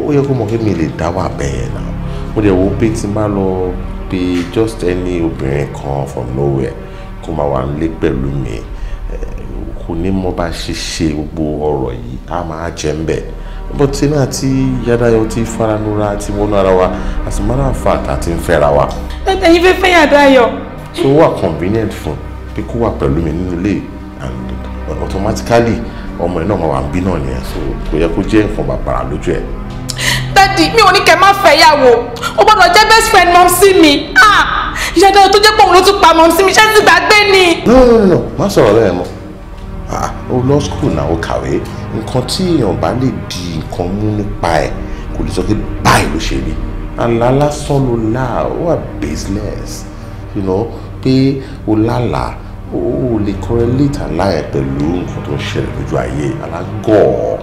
ó yẹ kó mọ̀ kí mi lè dá wà bẹ́ẹ̀ náà mo dẹ̀ wo pé tí n bá pe just any obìnrin kan from nowhere kó máa wà nílé pẹ̀lú mi kò ní mo bá ṣe ṣe gbogbo ọ̀rọ̀ yìí á máa jẹ́ ń bẹ̀ but èmi àti Yàdáyọ̀ ti faranura àti wọnú ara wa as a matter of fact àti ń fẹ́ra wa. ẹ̀yin fẹ́ fẹ́ Yàdáyọ̀. so wà convenient fún pé kó wà pẹ̀lú mi nínú ilé and automatically ọmọ ẹ náà máa wà ń bí náà nìyẹn so kò yẹ kó jẹ́ nǹkan bàbàrà lójú ẹ̀. dádì mi ò ní kẹ́ máa fẹ́ yàwó o gbọ́dọ̀ jẹ́ best friend mom sí mi ah! Yàdáyọ̀ tó jẹ́ pọ̀ òun ló tún pa mom sí mi ṣé ti gbàgbé ni. no no no má sọ̀rọ̀ lẹ́yìn mọ́ ah, o lọ school náà o kàwé nǹkan tí èèyàn bá lè di nǹkan mú nípa ẹ̀ kò lè sọ pé báyìí ló ṣe rí àlá lásán ló lá ó wà you know pé o lálà ó lè correlate àlá ẹ̀ pẹ̀lú nǹkan tó ń ṣẹlẹ̀ lójú ayé alágọ̀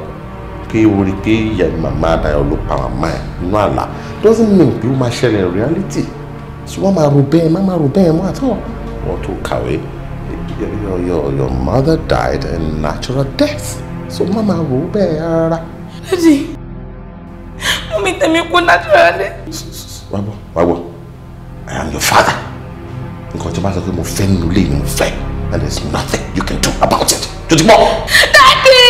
pé o rí pé ìyá màmá Adayọ̀ ló pa màmá ẹ̀ nínú àlá doesn't mean pé ó máa ṣẹlẹ̀ in reality so wọ́n máa ro bẹ́ẹ̀ má máa ro bẹ́ẹ̀ mọ́ àtọ́ wọ́n tó kàwé your, your, your mother died a natural death so má máa wò ó bẹ́ẹ̀ rárá. dadi mú mi tẹ̀mí kú naturally. wá bọ̀ I am your father nǹkan tí wọ́n bá sọ pé mo fẹ́ nínú ilé mi mo fẹ́ and there's nothing you can do about it tó ti gbọ́. Daddy.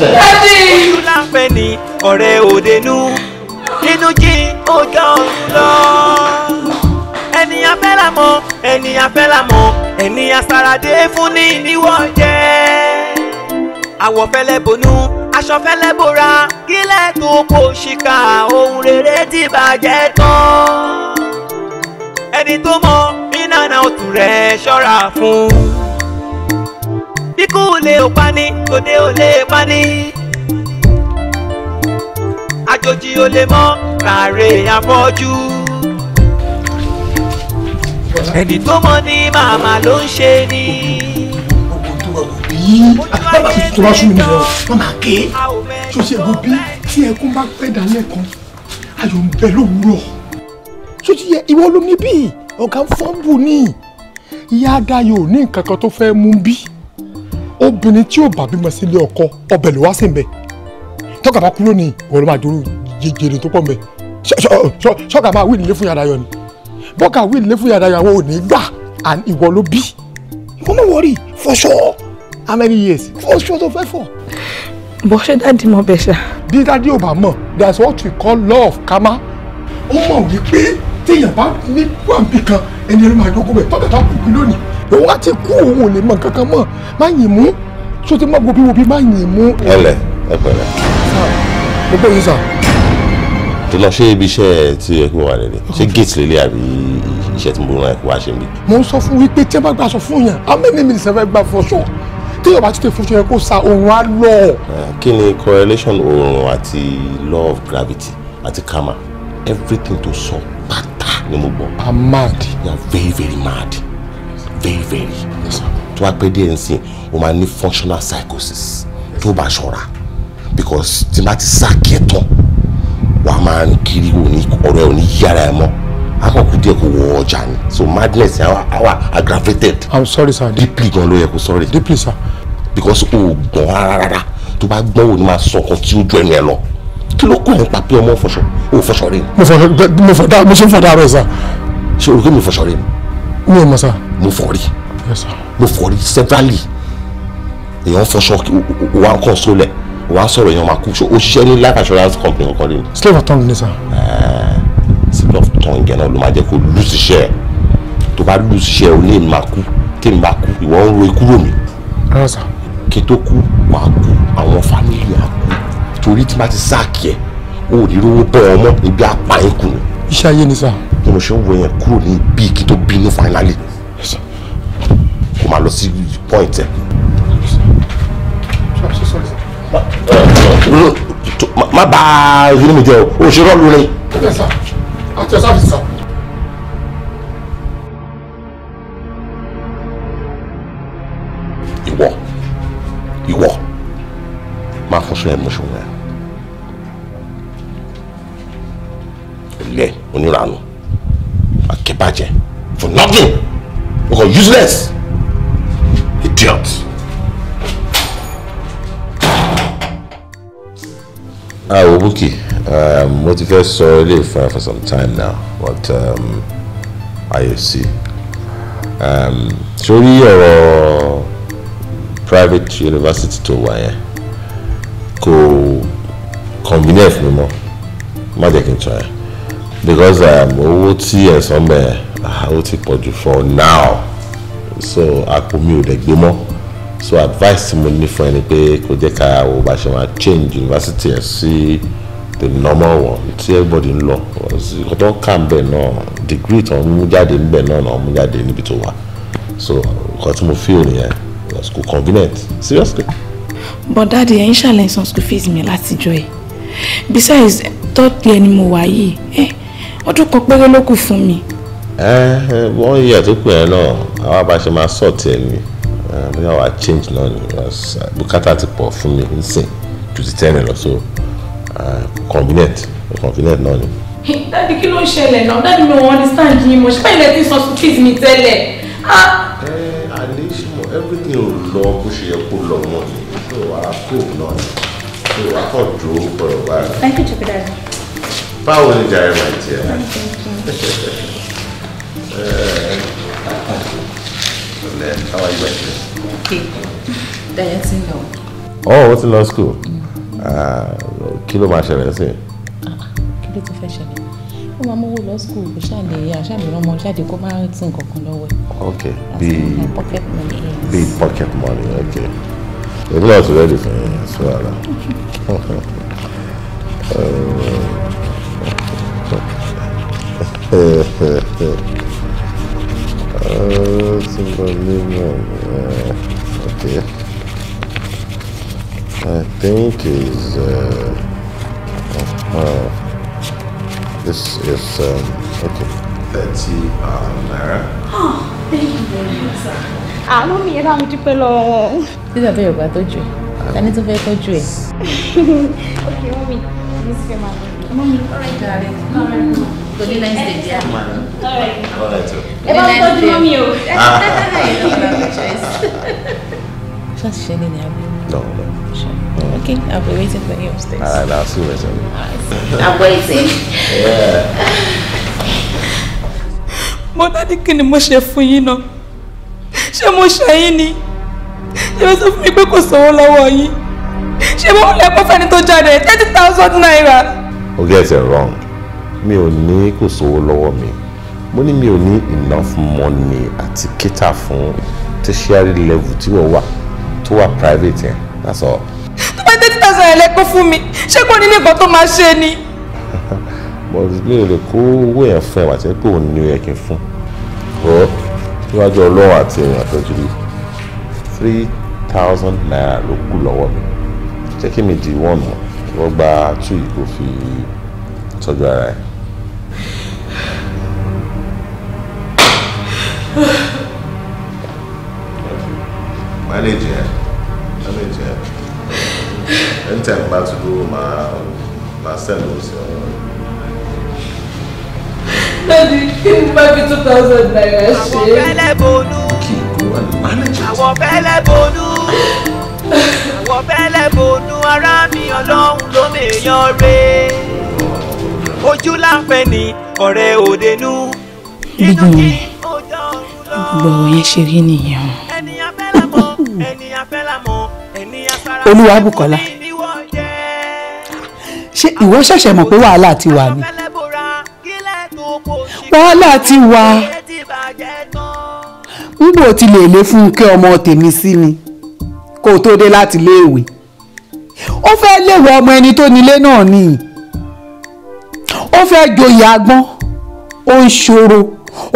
dadi. ojú láǹpẹ́ ni ọ̀rẹ́ òdenú nínú jí ó jọ òun ẹni afẹ́ làmọ́ ẹni afẹ́ làmọ́ ẹni asaradé fún ní ìníwọ̀ jẹ́ àwọ̀ fẹ́lẹ́ bonú aṣọ fẹ́lẹ́ bora kílẹ̀ tó kó ṣìkà ohun rere ti bàjẹ́ tán ẹni tó mọ ìnana òtún rẹ̀ ṣọ́ra fún ikú lè pani òde ò lè pani àjòjì ò lè mọ kàrè àfọ́jú ẹni tó mọ ni màmá ló ń ṣe ni yìí bàbá mi tó bá sún mi lọ Mama, máa ké ṣọṣẹ bó bí tí ẹkún bá pẹ́ dálẹ́ kan ayọ̀ ń bẹ lówùúrọ̀ ṣọṣẹ yẹ ìwọ ló ní bí ọ̀gá fọ́ǹbù ni ìyá Dayọ̀ ò ní nǹkan kan tó fẹ́ mú bí obìnrin tí ò bá bímọ sílé ọkọ ọbẹ̀ ló wá sí mbẹ tọ́ka bá kúrò ní ìwọ ló máa dúró jẹjẹrẹ tó pọ̀ mbẹ ṣọ́ka máa wí nílé fún ìyá Dayọ̀ ni bọ́ka wí nílé fún ìyá Dayọ̀ àwọn ò ní gbà ìwọ ló bí ìwọ mọ̀ wọ́rì fọṣọ́ how many years oṣù tó fẹ́ fọ̀. bó ṣe dáàdi mọ bẹ́ẹ̀ ṣá. bí dáàdi ò bá mọ̀ that's what we call law of karma. ó mọ̀ wípé téèyàn bá ní wàǹbí kan ẹni ẹni máa jókòó bẹ̀ tọ́tẹ̀ tó kù lónìí. òun á ti kú òun ò lè mọ nǹkan kan mọ̀ má yìn mú ṣó ti má gobi wobi má yìn mú. ẹ ẹ pẹ̀lẹ́. mo bẹ yín sà. tó lọ ṣe ibi iṣẹ́ tí ẹ kí wà lélẹ̀ ṣé gate lélẹ̀ àbí iṣẹ́ tí mo rán ẹ kó wá ṣe mí. mo ń sọ fún wípé tí ẹ bá gbà sọ fún yàn how many minutes ẹ fẹ́ gbà fọṣọ téèyàn bá ti tẹ fún ṣe kó sa oòrùn á lọ. kí ni correlation oòrùn àti law of gravity àti karma everything tó sọ pátá ni mo gbọ́. i'm mad. you are very very mad very very. tó bá pẹ́ díẹ̀ nsìn o máa ní functional psychosis tó bá ṣọ́ra because tí n bá ti sá kí wàá máa ń kiri òní ọ̀rọ̀ òní yára ẹ mọ́ akọkù kò wọ ọjà ni so madness awa aggravated. i'm sorry sir. deeply gan ló yẹ kó sorry. deeply sir. because o gbọ́n rárá tó bá gbọ́n o ní máa sọ ọkàn tí ó ju ẹnu ẹ lọ kí ló kọ́ ẹ̀ ń pa pé ọmọ fọṣọ o fọṣọ rẹ. mo fọ mo fọ mo ṣe ń fọ dáa sir. ṣé o rò pé mo fọṣọ rẹ mi ò mọ sir. mo fọ rí. yes sir. mo fọ rí severally èèyàn fọṣọ wa ń kọ́ sólẹ̀ wa ń sọ̀rọ̀ èèyàn máa kú ṣe o ṣiṣẹ́ ní life assurance company ọ̀kan ni. slave at tongue ni sir. Uh, sílọ tán ìyẹn náà ló máa jẹ́ kó lùsì iṣẹ́ ẹ̀ tó bá lùsì iṣẹ́ ẹ̀ ò lè máa kú tèmi bá kú ìwọ ń ro ikú ròmí. kí tó kú wàá kú àwọn fámìlì á kú torí tí bá ti sáàkì ẹ̀ o ò ní rówó bọ́ ọmọ ibi apá yín kù. iṣẹ́ ayé ni sá. bí mo ṣe ń wọ yẹn kúrò ní ibi kí tó bínú finally kò máa lọ sí point ẹ. má bàa inú mi jẹ o ò ṣe rọ́ọ̀lù ni at your service, sir. Ìwọ, ìwọ, máa fọṣọ ẹnu ṣòwò ẹ. Ilé onírànù, akébàjẹ́, for nothing, you useless, idiot. Ah, Obuki. Okay. Um, mo ti fẹ́ sọ ilé ìfún for some time now but ayò um, sí um, sórí ọ̀rọ̀ private university tó wà yẹn kò convenient fún mi mọ́ má jẹ́ kí n tọ́ yẹn because owó tí ẹ̀sán bẹ́ẹ̀ ah, ó ti pọ̀ jù for now so àpò mi ò dẹ̀ gbé mọ́ so advice tí mo ní fún ẹ ni pé kò jẹ́ ká wo bá ṣe máa change university ẹ̀ sí. Si, the normal one tí everybody ń lọ nǹkan tó ń kà ń bẹ̀ náà degree tó ń mú jáde ń bẹ̀ náà náà mú jáde níbi tó wà so nǹkan tí mo feel nìyẹn kò convenient seriously. but daddy ẹ̀yin ṣàlẹ̀ san school fees mi látijọ́ ẹ̀ besides third year ni mo wà yìí eh, ọdún kan péré ló kù fún mi. wọ́n eh, yẹ tó pè é náà àwọn abáṣe máa sọ̀tì ẹ̀ ni eh, bí wàá change náà ni bùkátà ti pọ̀ fún mi nísìn ju ti tẹ́rìn lọ sóò convenient convenient náà ni. dáàdi kí ló ń ṣẹlẹ̀ náà dáàdi mi ò understand yín mo ṣe báyìí lè ti sọ sùkúrìsì mi tẹ́lẹ̀. ẹ alẹ́ ṣe everything ò lọ bó ṣe yẹ kó lọ wọn ni ṣé wàá kó náà ni ṣé wàá kàn dúró pẹ̀lú báyìí. thank you jupiter. báwo ni jàre máa ń tiẹ̀. ọ̀lẹ́ how are you my friend. okay dayo ti lọ. oh o ti lọ school. Ah, kí ló máa ṣẹlẹ̀ sí. kí ló tún fẹ́ ṣẹlẹ̀ ó máa mówó lọ school kò ṣáà lè àṣàmìíràn ọmọ jáde kó má rántí nǹkan kan lọ́wọ́ ẹ̀. ok bíi pocket money. bíi pocket money ok èmi náà ti rẹ́dì fún yín sí wàhálà. Oh, it's unbelievable. Yeah. Okay. I think is uh, oh, uh, this is um, okay. Thirty oh Thank you very much, sir. Àánú ah, mi yẹn bá mi dúpẹ́ lọ́wọ́ wọn. Títà bẹ́ẹ̀ ò bá tọ́jú ẹ̀. Ẹni tó fẹ́ tọ́jú ẹ̀. Okay, mọ́mí, this is my mọ́mí. Alright, darling. Alright. Good night, nice day, dear. Alright. Alright. Ẹ bá mi tọ́jú mọ́mí o. Ṣé àṣìṣe ni ni a bí? No, no. Sure. Mm. Okay, I'll be waiting for you upstairs. Alright, I'll see you later. I'm waiting. yeah. Mo dádì kí ni mo ṣe fún yín náà? Ṣé mo ṣe yín ni? Ṣé mo sọ fún mi pé kò sówó lọ́wọ́ yín? Ṣé mo ń lẹ́kọ́ fẹ́ni thirty thousand naira? O get it wrong. Mi ò ní kò sówó lọ́wọ́ mi. Mo ní mi ò ní enough money àti cater fún tertiary level tí wọ́n wà tó wà private yẹn that's all. tó bá thirty thousand yẹn lẹ́kọ́ fún mi ṣé kò ní nǹkan tó máa ṣe ni. but mi ò lè kó owó yẹn fún ẹ wà tí pé òun ni ó yẹ kí n fún ọ níwájú ọlọ́run àti èèyàn àtọ́jú rí three thousand naira ló kù lọ́wọ́ mi jẹ́ kí mi di one mọ̀ kí wọ́n gba two yìí kó fi tọ́jú ara ẹ̀ má lè jẹ má lè jẹ anytime bá tún dúró máa máa send owó sí ọ̀rọ̀ rẹ̀. Dádì, kí ni bá fi two thousand naira ṣe? Àwọn fẹ́lẹ́ bonú. Kí ìgò wà ní mánéjà. Àwọn fẹ́lẹ́ bonú. Àwọn fẹ́lẹ́ bonú ara mi ọlọ́run ló mèèyàn re. Ojú láǹfẹ̀ ni ọ̀rẹ́ òdenú. Gbogbo gbogbo ọ̀rọ̀ yẹn ṣe rí nìyẹn o olúwa Bùkọ́lá ṣé ìwọ ṣẹ̀ṣẹ̀ mọ̀ pé wàhálà ti wà ni wàhálà ti wà n bò ti lè lé Fúnkẹ́ ọmọ tèmi sí mi kó o tó dé láti léèwé ó fẹ́ léèwé ọmọ ẹni tó nílé náà nìyí ó fẹ́ joyè agbọ́n ó ń ṣòro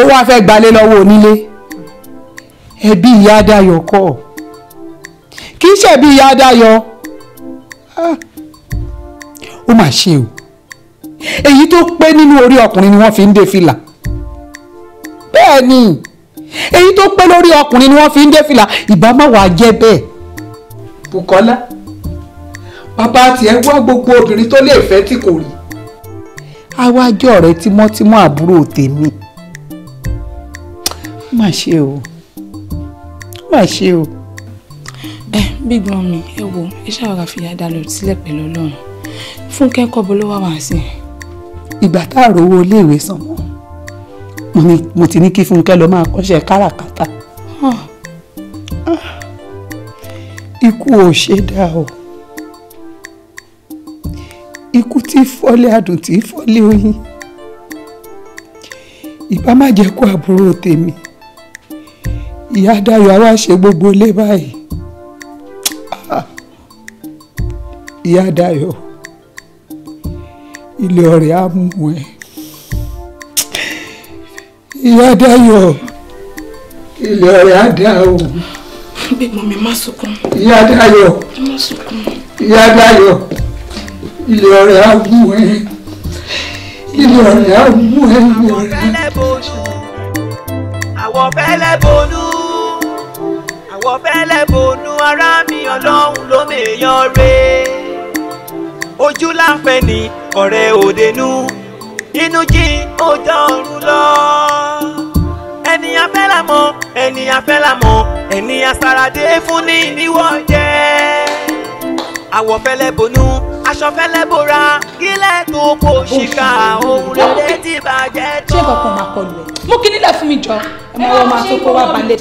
ó wá fẹ́ gbalé lọ́wọ́ onílé ẹbí ìyá Dayọ̀ kọ́ ọ kì í ṣẹ̀bi ìyá Dayọ̀ ah, ó mà ṣe o èyí tó pé nínú orí ọkùnrin ni wọ́n fi ń dé fìlà bẹ́ẹ̀ ni èyí tó pé lórí ọkùnrin ni wọ́n fi ń dé fìlà ìbá má wàá jẹ́ bẹ́ẹ̀. Bùkọ́lá bàbá tiẹ̀ wá gbogbo obìnrin tó lè fẹ́ tí kò rí. awájọ rẹ tímọ́tímọ́ àbúrò tèmi má ṣe o má ṣe o ẹ big mummy ẹ wo ẹ ṣàwárà fìyà dalẹ̀ sílẹ̀ pẹ̀lú ọlọ́run fúnkẹ́ kọ́bo ló wà wá sí. ìgbà tá a rówó iléèwé san mọ́ mo ti ní kí fúnkẹ́ lọ máa kọ́ṣẹ́ káràkátà ah. ikú ò ṣe dáa o ikú tí fọ́lé adùn tí fọ́lé oyin ìbá má jẹ́ kó àbúrò tèmi ìyá Dayọ̀ àwa ṣe gbogbo ilé báyìí ìyá Dayọ̀ ilé ọ̀rẹ́ á mú ẹ ìyá Dayọ̀ ilé ọ̀rẹ́ á dá o. bí mo mi má sunkún. ìyá Dayọ̀ má sunkún. ìyá Dayọ̀ ilé ọ̀rẹ́ á mú ẹ ilé ọ̀rẹ́ á mú ẹ ilé ọ̀rẹ́. àwọ̀ fẹ́lẹ́ bonú àwọ̀ fẹ́lẹ́ bonú ara mi ọlọ́run ló mèèyàn rèé ojú láǹfẹ́ ni ọ̀rẹ́ òdenú inú jí ó dọ̀rùn lọ. ẹni afẹ́ la mọ̀ ẹni afẹ́ la mọ̀ ẹni asaradé fún ní níwọ̀ jẹ́. àwọ̀ fẹ́lẹ́ bonú aṣọ fẹ́lẹ́ bora kílẹ̀ tó kó ṣìkà ohun rere ti bàjẹ́ tán. ṣé kankan máa kọlu ẹ mú kí nílẹ̀ fún mi jọ ẹ mọ ọmọ àti okòwò àbálẹ.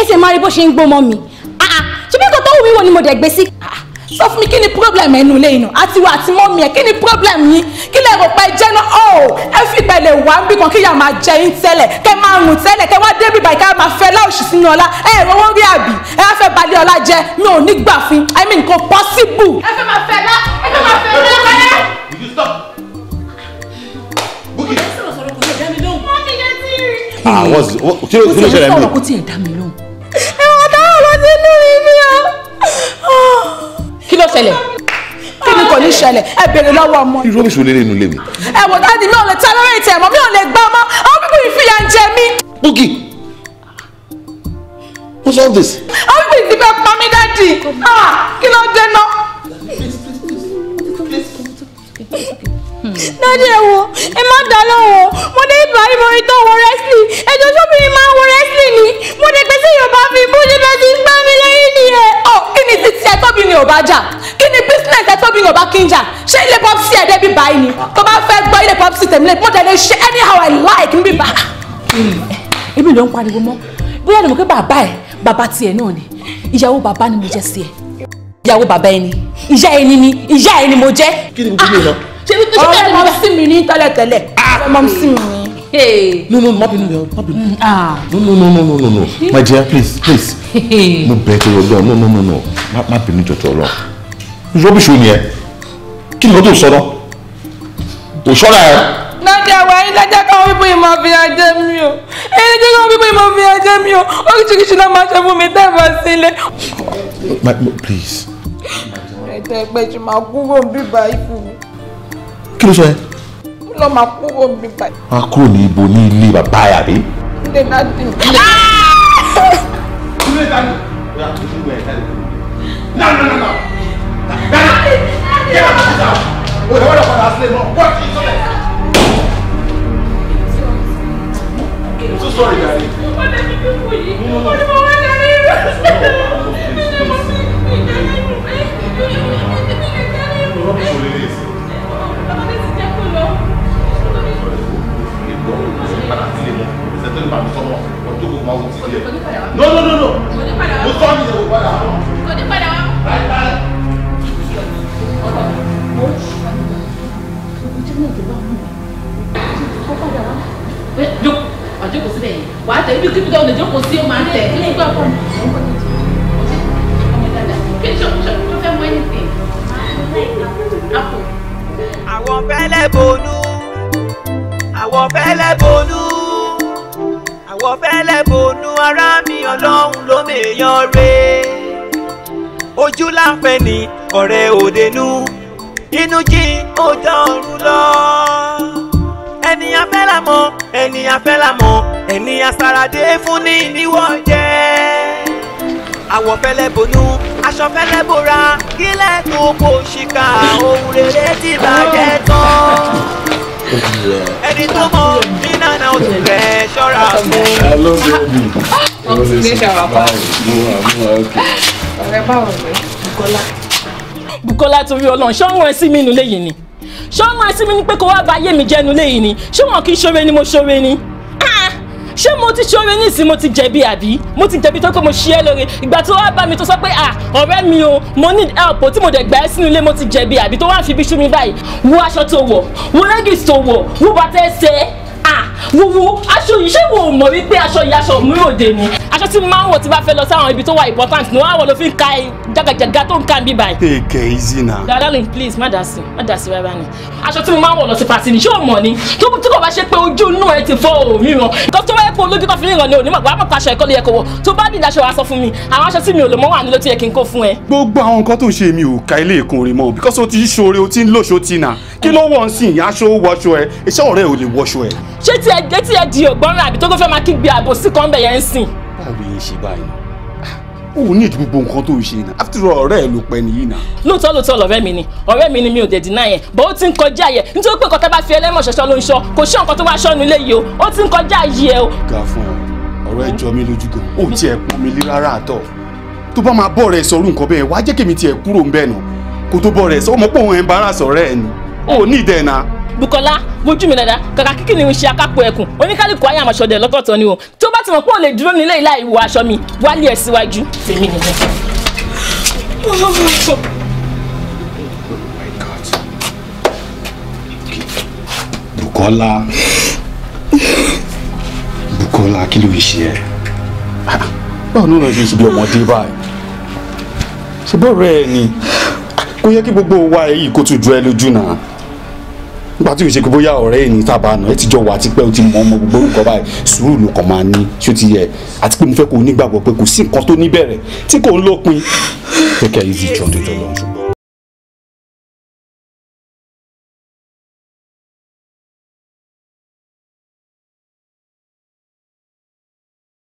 ẹsẹ̀ máa rí bó ṣe ń gbó mọ́ mi ah, ah, ṣé bí nǹkan tó wù mí wò ni mo dẹ̀ gbé sí. Ah, sọ fún mi kí ni problem ẹnu ilé yìí nà àti wà àti mọ́mí ẹ̀ kí ni problem yín kí lè rò pé jẹ́ náà ọ̀ oh, ẹ fi ìpẹ̀lẹ̀ wá ń bí kan kí ìyá máa jẹ yín tẹ́lẹ̀ kẹ́ máa rùn tẹ́lẹ̀ kẹ́ wá débi bàyí ká máa fẹ́ láòṣì sínú ọlá ẹ ẹ̀rọ wọn rí àbí ẹ á fẹ́ balẹ̀ ọlá jẹ mi ò ní gbà fún i mean kò possible. ẹ fẹ́ máa fẹ́ lá ẹ fẹ́ máa fẹ́ lá ẹ. àwọn ah, kí ló ṣẹlẹ̀ mi. kò tiẹ̀ dá mi lọ́hùn. ẹ̀wọ̀n táwọn ọmọ sínú mi ni ọ́ kí ló ṣẹlẹ̀ kí ni kò ní ṣẹlẹ̀ ẹ bèrè lọ́wọ́ ọmọ. irú oṣù lè nínú ilé mi. ẹ wò dáàdi mi ò lè tolerate ẹ mọ́ mi ò lè gbà ọmọ àwọn pípọ̀ ìfìyà ń jẹ mí. Búkì what's all this. àwọn pípọ̀ ìdí bẹ́ẹ̀ pa mí dáàdi ah, kí ló dé ná. dáàdi ẹ wo ẹ má dá lọ́wọ́ mo dé ibà ìmọ̀rin tó wọ wrestling ẹjọ́ sóbìnrin máa ń wọ wrestling ni mo dé téèyàn bá fi bú níbẹ̀ tí ń gbá mi lẹ́yìn nìyẹn. ọ kí ni títí ẹtọ́bí ni ò bá jà kí ni business ẹtọ́bí ni ò bá kí n jà ṣé ilé pọ́pùsì ẹ̀ débi báyìí ni tó bá fẹ́ gbọ́ ilé pọ́pùsì tèmi lè mọ̀ tẹ́lẹ̀ ṣe anyhow I like ń bí bá. èmi ló ń pariwo mọ́ bóyá ni mo pé bàbá ẹ̀ bàbá tiẹ̀ náà ni ìyàwó bàbá ni mo jẹ́ sí ẹ̀ ìyàwó bàbá ẹni ìyá ẹni ni ìyá ẹni mo jẹ́. kí ni mo ti bí o lọ. Ah, ṣé bí tó ṣe bẹ́ẹ̀ ni mo sì mí ní tẹ́lẹ̀tẹ́lẹ̀. mo sì mí ní. Hey. No, no, má bínú yẹn, má bínú. Mm, ah. No, no, no, no, no, no, My dear, please, please. no better your yọ lọ, no, no, no, no. Má má bínú jọjọ lọ. Rọ́bìṣì ni ẹ. Kí ni o tó sọ náà? Kò ṣọ́ra ẹ. Nàdìá wa ẹni dájá káwọn bíbú ìmọ̀ fi ajẹ́ mi o. Ẹni dájá káwọn bíbú ìmọ̀ fi ajẹ́ mi o. Oríṣiríṣi náà máa ṣe fún mi dáìbò sílẹ̀. Please. Ẹ̀dẹ̀ ẹgbẹ́ ṣe máa kúrò bíbá ìfún mi. Kí ló sọ yẹn? lọ máa kúrò mi báyìí. a kúrò ní ibo ní ilé bàbá ẹ àbí. ilé náà dì mí. Ah! ilé ìdájọ́ ìyá tó ṣubú ẹ̀ jáde. náà náà náà dáná yẹ ká tó sá o ìwé ọ̀dọ̀ padà sílé náà wọ́n ti sọ lẹ̀. I'm so sorry, Daddy. No, no, no. Rubbish, what it is. gbọ́ ṣe ń padà sílé mọ́ ṣe tó ń bá mi sọ́mọ́ ọ̀ tó kò máa wò ti lẹ̀. no no no no mo sọ mi ìyẹ̀wò padà àwọ̀ fẹ́lẹ́ bonú àwọ̀ fẹ́lẹ́ bonú ara mi ọlọ́run ló mèèyàn re ojú láǹpẹ́ ni ọ̀rẹ́ òdenú inú jí ó dọ̀rùn lọ ẹni afẹ́lámọ́ ẹni afẹ́lámọ́ ẹni asaradé fún ní ìníwọ̀ jẹ́ àwọ̀ fẹ́lẹ́ bonú aṣọ fẹ́lẹ́ bora kílẹ̀ tó kò ṣìkà ohun rere ti bàjẹ́ tán ẹni tó mọ iná náà ó tún bẹ ṣọ́ra fún. hello baby. wọ́n ah, ti ní ṣàrà pa. ọ̀rẹ́ báwo ni Bukola. Bukola torí Ọlọ́run ṣọ́run ẹ sí mi nulẹ̀ yìí ni ṣọ́run ẹ sí mi ni pé kó wá bà ayé mi jẹ́ nulẹ̀ yìí ni ṣé wọn kì í ṣoore ni mo ṣoore ni. Ah, ṣé mo ti ṣoore nísìn mo ti jẹ̀bi àbí mo ti jẹ̀bi tó kó mo ṣe é lóore ìgbà tó wá bá mi tó sọ pé ah ọ̀rẹ́ mi o mo need help tí mo dẹ̀ gbà ẹ́ sínú ilé mo ti jẹ̀bi àbí tó wá fi ibi ṣú mi báyìí wo aṣọ tó wọ̀ wo leggings tó wọ̀ wo bàtà ẹsẹ̀ wowo aṣọ yìí ṣé wo mọ̀ wípé aṣọ yìí aṣọ mi òde ni aṣọ tí máa ń wọ̀ tí bá fẹ́ lọ sáwọn ibi tó wà important ni wọ́n á wọ̀ ló fi ń ka jagajaga tó ń ka bí báyìí. take it easy na. darling please má dà sí má dà sí rárá ni aṣọ tí mo máa ń wọ̀ lọ sí pàtì ni ṣé o mọ̀ ni tó tí kò bá ṣe pé ojú inú ẹ ti fọ́ òmí wọn tó tó wáyé pé olójú tó fi ń ràn ní òní màgbà mọ̀pá aṣọ ìkọlù yẹ kó wọ̀ tó bá dìde aṣọ wa sọ fún mi àwọn aṣọ tí mi ò lò mọ́ wà ní ló ti yẹ kí n kó fún ẹ. gbogbo àwọn nǹkan tó ń ṣe mi ò ka ilé ìkun rè mọ́ because o ti ń ṣoore o ti ń lòṣo ti nà kí ló wọ̀ ń sìn aṣọ wọṣọ ẹ iṣẹ́ ọ̀rẹ́ ò lè wọṣọ ẹ ṣé tí ẹ gé tí ẹ di ògbọ́nrán àbí tó kó fẹ́ máa kí gbé àbò sí kan bẹ̀ yẹn ń sìn. báwo yẹn ṣe báyìí o ò ní ìdí gbogbo nǹkan tó ń ṣe náà after all ọ̀rẹ́ ẹ ló pẹ́ nìyí náà. lóòótọ́ lóòótọ́ lọ̀rẹ́ mi ni ọ̀rẹ́ mi ni mi ò dẹ̀ dínà yẹn bó o ti ń kọjá yẹ nítorí pé kọ́tà bá fi ẹlẹ́mọ̀ ṣọṣọ ló ń ṣọ kò ṣe nǹkan tó wá ṣọ́nu ilé yìí o ó ti ń kọjá yìí ẹ o. ga fún ẹ ọ̀rọ̀ ẹ jọ mí lójú gan o tiẹ̀ pọn mi lé rárá àtọ̀ tó bá máa bọ̀ rẹ̀ sọ̀rọ̀ nǹkan bẹ́ẹ̀ wá jẹ́ kémi tiẹ̀ kúrò Bukola wojú mi dada kàkà kíkì ni mo ṣe akápò ẹkùn oníkálukú ayé àmọ̀ṣọ̀dẹ̀ lọ́gọ́tọ̀ ni o tí o bá ti mọ̀ pé o lè dúró nílé ìlà ìwọ aṣọ mi wálé ẹ̀ síwájú tèmi nìyẹn. Bukola Bukola kí ló ń ṣe ẹ báwo ni wọn ṣe ṣe bí ọmọdé báyìí ṣe bọ́ọ̀rẹ́ ẹ ni kò yẹ kí gbogbo wa èyí kó tún ju ẹ lójú náà nígbà tí o ṣe pé bóyá ọ̀rẹ́ ẹni tábà náà ẹ ti jọ wà àti pé o ti mọ ọmọ gbogbo orúkọ báyìí sùúrù ló kàn máa ní ṣó ti yẹ àti pé mo fẹ́ kó o nígbàgbọ́ pé kò sí nǹkan tó ní bẹ̀rẹ̀ tí kò ń lópin kẹ̀kẹ́ yìí ti jọ̀ǹdọ̀jọ̀ lọ́nṣọ́.